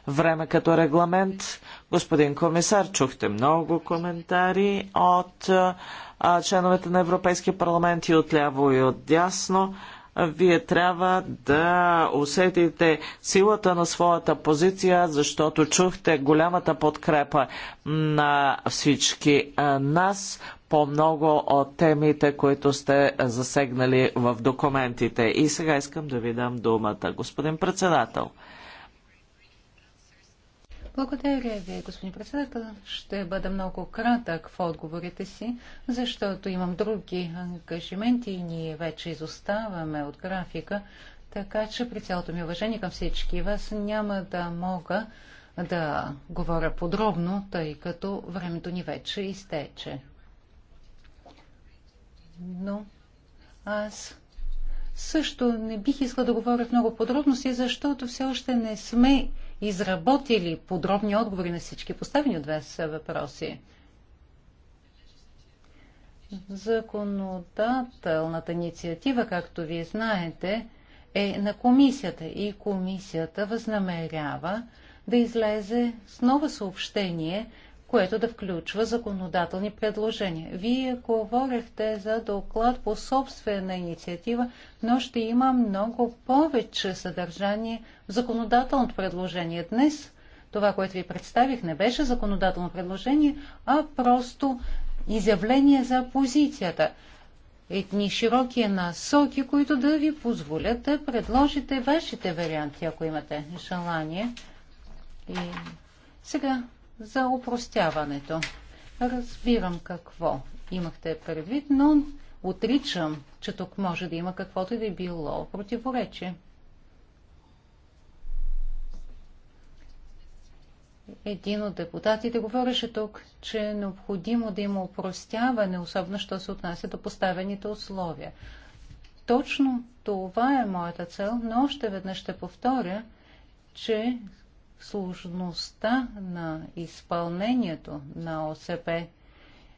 време като регламент. Господин комисар, чухте много коментари от а, членовете на Европейския парламент и от ляво и от дясно. Вие трябва да усетите силата на своята позиция, защото чухте голямата подкрепа на всички нас по много от темите, които сте засегнали в документите. И сега искам да ви дам думата, господин председател. Благодаря ви, господин председател. Ще бъда много кратък в отговорите си, защото имам други ангажименти и ние вече изоставаме от графика, така че при цялото ми уважение към всички вас няма да мога да говоря подробно, тъй като времето ни вече изтече. Но аз също не бих искал да говоря в много подробности, защото все още не сме изработили подробни отговори на всички поставени от вас въпроси. Законодателната инициатива, както вие знаете, е на комисията и комисията възнамерява да излезе с ново съобщение което да включва законодателни предложения. Вие говорихте за доклад по собствена инициатива, но ще има много повече съдържание в законодателното предложение. Днес това, което ви представих, не беше законодателно предложение, а просто изявление за позицията. Едни широки насоки, които да ви позволят да предложите вашите варианти, ако имате желание. И сега за упростяването. Разбирам какво имахте предвид, но отричам, че тук може да има каквото и да е било противоречие. Един от депутатите говореше тук, че е необходимо да има упростяване, особено що се отнася до поставените условия. Точно това е моята цел, но още веднъж ще повторя, че сложността на изпълнението на ОСП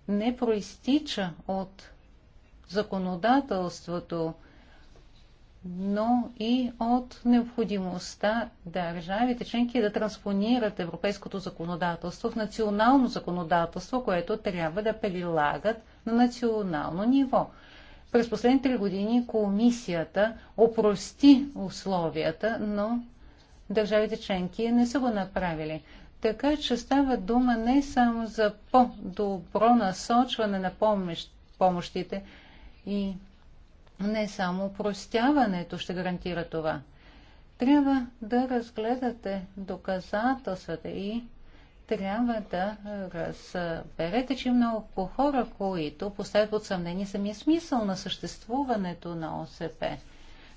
не проистича от законодателството, но и от необходимостта държавите членки да транспонират европейското законодателство в национално законодателство, което трябва да прилагат на национално ниво. През последните три години комисията опрости условията, но държавите членки не са го направили. Така че става дума не само за по-добро насочване на помощите и не само простяването ще гарантира това. Трябва да разгледате доказателствата и трябва да разберете, че много хора, които поставят под съмнение самия смисъл на съществуването на ОСП.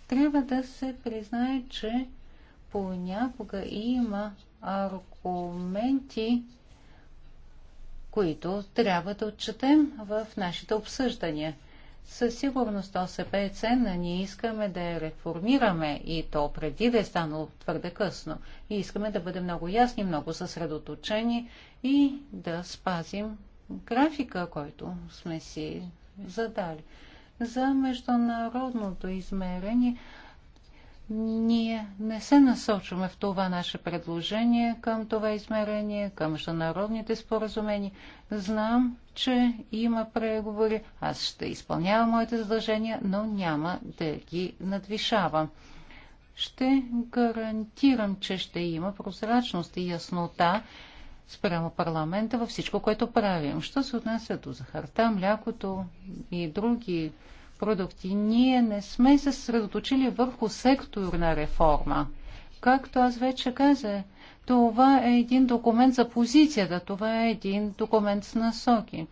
Трябва да се признае, че понякога има аргументи, които трябва да отчетем в нашите обсъждания. Със сигурност ОСП е ценна. Ние искаме да я реформираме и то преди да е станало твърде късно. И искаме да бъдем много ясни, много съсредоточени и да спазим графика, който сме си задали. За международното измерение ние не се насочваме в това наше предложение към това измерение, към международните споразумения. Знам, че има преговори, аз ще изпълнявам моите задължения, но няма да ги надвишавам. Ще гарантирам, че ще има прозрачност и яснота спрямо парламента във всичко, което правим. Що се отнася до захарта, млякото и други продукти. Ние не сме се съсредоточили върху секторна реформа. Както аз вече казах, това е един документ за позицията, това е един документ с насоки.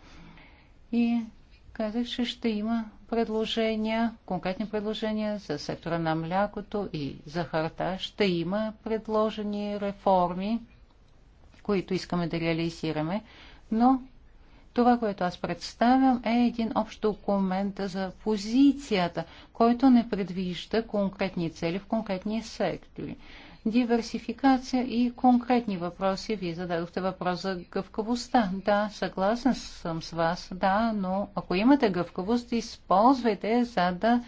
И казах, че ще има предложения, конкретни предложения за сектора на млякото и за харта. Ще има предложени реформи, които искаме да реализираме, но това, което аз представям, е един общ документ за позицията, който не предвижда конкретни цели в конкретни сектори. Диверсификация и конкретни въпроси. Вие зададохте въпрос за гъвкавостта. Да, съгласен съм с вас, да, но ако имате гъвкавост, използвайте, за да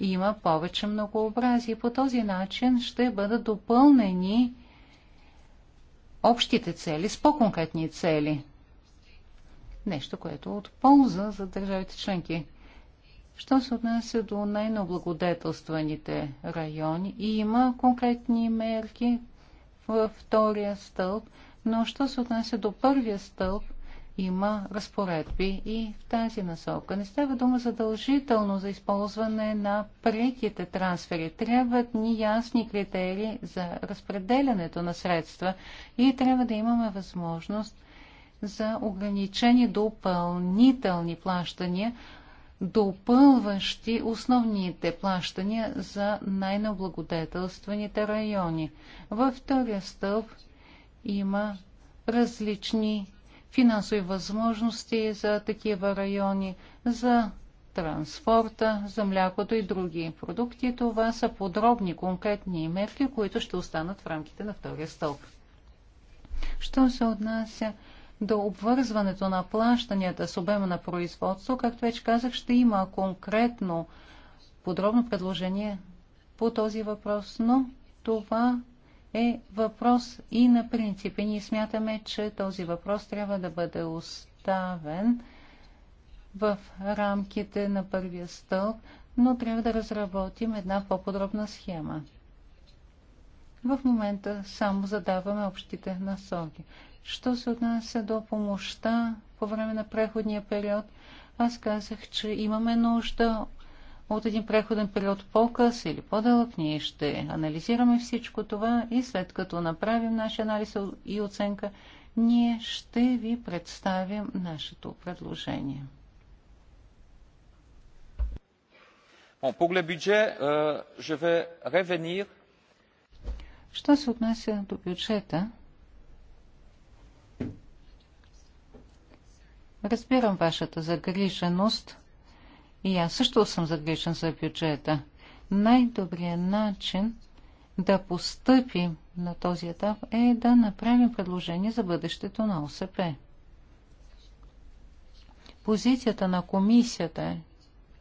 има повече многообразие. По този начин ще бъдат допълнени общите цели с по-конкретни цели нещо, което е от полза за държавите членки. Що се отнася до най наблагодетелстваните райони, и има конкретни мерки във втория стълб, но що се отнася до първия стълб, има разпоредби и в тази насока. Не става дума задължително за използване на преките трансфери. Трябват ни ясни критерии за разпределянето на средства и трябва да имаме възможност за ограничени допълнителни плащания, допълващи основните плащания за най наблагодетелстваните райони. Във втория стълб има различни финансови възможности за такива райони, за транспорта, за млякото и други продукти. Това са подробни, конкретни мерки, които ще останат в рамките на втория стълб. Що се отнася до обвързването на плащанията с обема на производство, както вече казах, ще има конкретно подробно предложение по този въпрос, но това е въпрос и на принципи. Ние смятаме, че този въпрос трябва да бъде оставен в рамките на първия стълб, но трябва да разработим една по-подробна схема. В момента само задаваме общите насоки. Що се отнася до помощта по време на преходния период, аз казах, че имаме нужда от един преходен период по-къс или по-дълъг. Ние ще анализираме всичко това и след като направим нашия анализ и оценка, ние ще ви представим нашето предложение. Bon, pour le budget, euh, je vais revenir. Що се отнася до бюджета, Разбирам вашата загриженост и аз също съм загрижен за бюджета. Най-добрият начин да постъпим на този етап е да направим предложение за бъдещето на ОСП. Позицията на комисията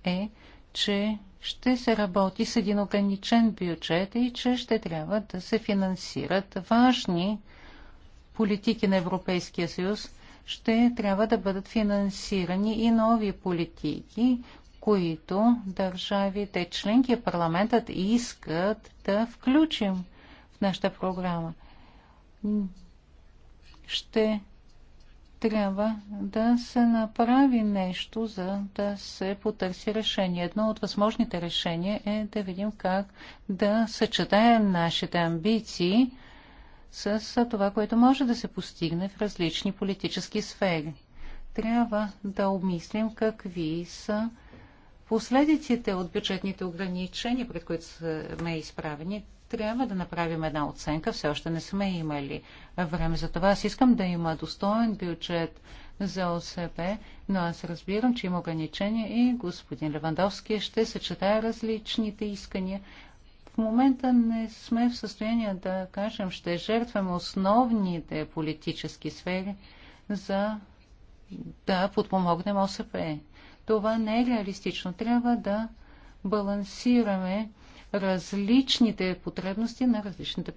е, че ще се работи с един ограничен бюджет и че ще трябва да се финансират важни политики на Европейския съюз – ще трябва да бъдат финансирани и нови политики, които държавите членки и парламентът искат да включим в нашата програма. Ще трябва да се направи нещо, за да се потърси решение. Едно от възможните решения е да видим как да съчетаем нашите амбиции – с това, което може да се постигне в различни политически сфери. Трябва да обмислим какви са последиците от бюджетните ограничения, пред които сме изправени. Трябва да направим една оценка. Все още не сме имали време за това. Аз искам да има достоен бюджет за ОСП, но аз разбирам, че има ограничения и господин Левандовски ще съчетае различните искания. В момента не сме в състояние да кажем, ще жертваме основните политически сфери за да подпомогнем ОСП. Това не е реалистично. Трябва да балансираме различните потребности на различните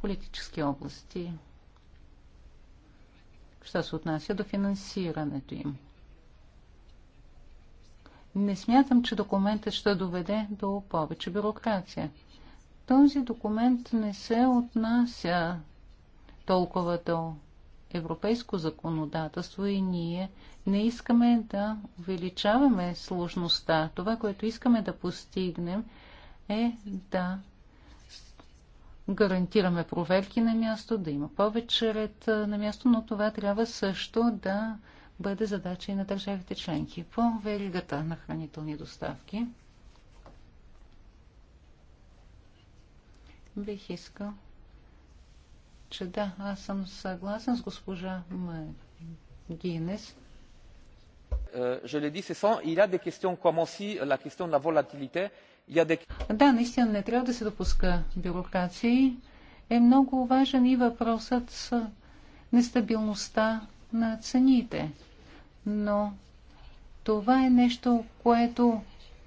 политически области. Що се отнася до финансирането им? Не смятам, че документът ще доведе до повече бюрокрация. Този документ не се отнася толкова до европейско законодателство и ние не искаме да увеличаваме сложността. Това, което искаме да постигнем е да гарантираме проверки на място, да има повече ред на място, но това трябва също да бъде задача и на държавите членки по веригата на хранителни доставки. Бих искал, че да, аз съм съгласен с госпожа Гинес. Е, je l'ai dit, c'est ça. Il y a des questions comme aussi euh, la question de la volatilité. Il y a des... Да, наистина не трябва да се допуска бюрокрации. Е много важен и въпросът с нестабилността на цените. Но това е нещо, което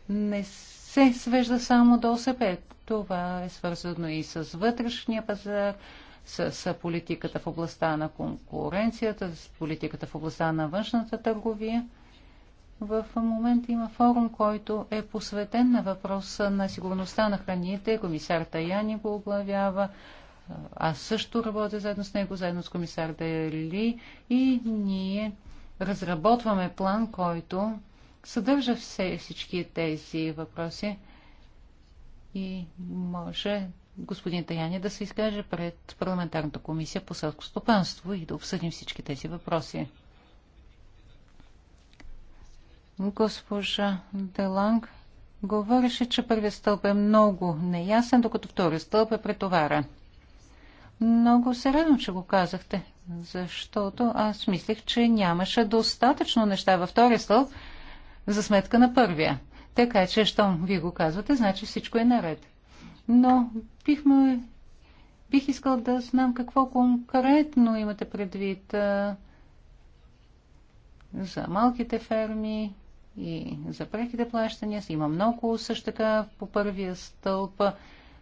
не се свежда само до ОСП. Това е свързано и с вътрешния пазар, с, с политиката в областта на конкуренцията, с политиката в областта на външната търговия. В момента има форум, който е посветен на въпроса на сигурността на храните. Комисар Таяни го оглавява. Аз също работя заедно с него, заедно с комисар Дели и ние разработваме план, който съдържа все всички тези въпроси и може господин Таяни да се изкаже пред парламентарната комисия по селско стопанство и да обсъдим всички тези въпроси. Госпожа Деланг говореше, че първият стълб е много неясен, докато вторият стълб е претоварен. Много се радвам, че го казахте, защото аз мислех, че нямаше достатъчно неща във втория стълб, за сметка на първия. Така че, щом ви го казвате, значи всичко е наред. Но бихме, бих искал да знам какво конкретно имате предвид а, за малките ферми и за преките плащания. Има много също така по първия стълб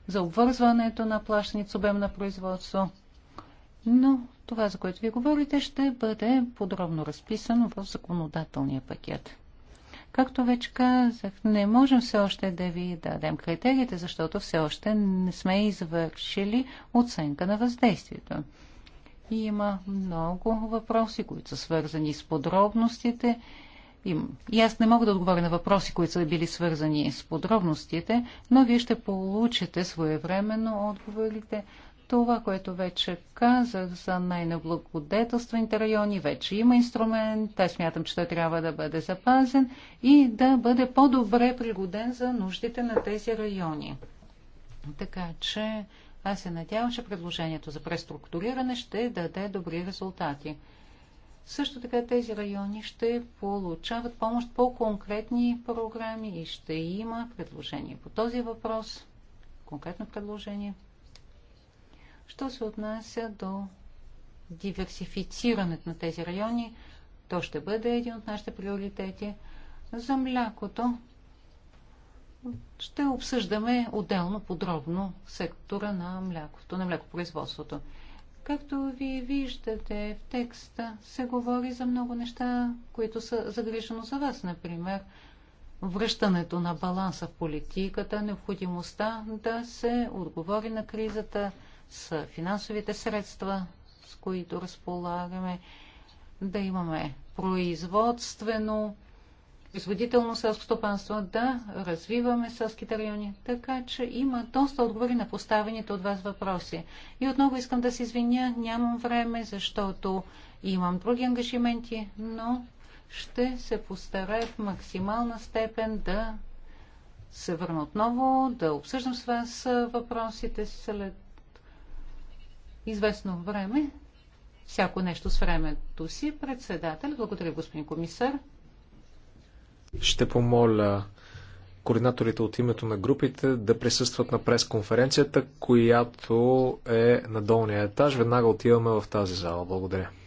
за обвързването на плащаните обем на производство. Но това, за което ви говорите, ще бъде подробно разписано в законодателния пакет. Както вече казах, не можем все още да ви дадем критериите, защото все още не сме извършили оценка на въздействието. И има много въпроси, които са свързани с подробностите. И аз не мога да отговоря на въпроси, които са били свързани с подробностите, но вие ще получите своевременно отговорите. Това, което вече казах за най-наблагодетелствените е райони, вече има инструмент. Аз смятам, че той трябва да бъде запазен и да бъде по-добре пригоден за нуждите на тези райони. Така че аз се надявам, че предложението за преструктуриране ще даде добри резултати. Също така тези райони ще получават помощ по конкретни програми и ще има предложение по този въпрос. Конкретно предложение. Що се отнася до диверсифицирането на тези райони, то ще бъде един от нашите приоритети. За млякото ще обсъждаме отделно, подробно сектора на млякото, на млекопроизводството. Както ви виждате в текста, се говори за много неща, които са загрижено за вас, например, връщането на баланса в политиката, необходимостта да се отговори на кризата, с финансовите средства, с които разполагаме, да имаме производствено, производително селско стопанство, да развиваме селските райони. Така че има доста отговори на поставените от вас въпроси. И отново искам да се извиня, нямам време, защото имам други ангажименти, но ще се постарая в максимална степен да се върна отново, да обсъждам с вас въпросите след известно време, всяко нещо с времето си, председател. Благодаря, господин комисар. Ще помоля координаторите от името на групите да присъстват на пресконференцията, която е на долния етаж. Веднага отиваме в тази зала. Благодаря.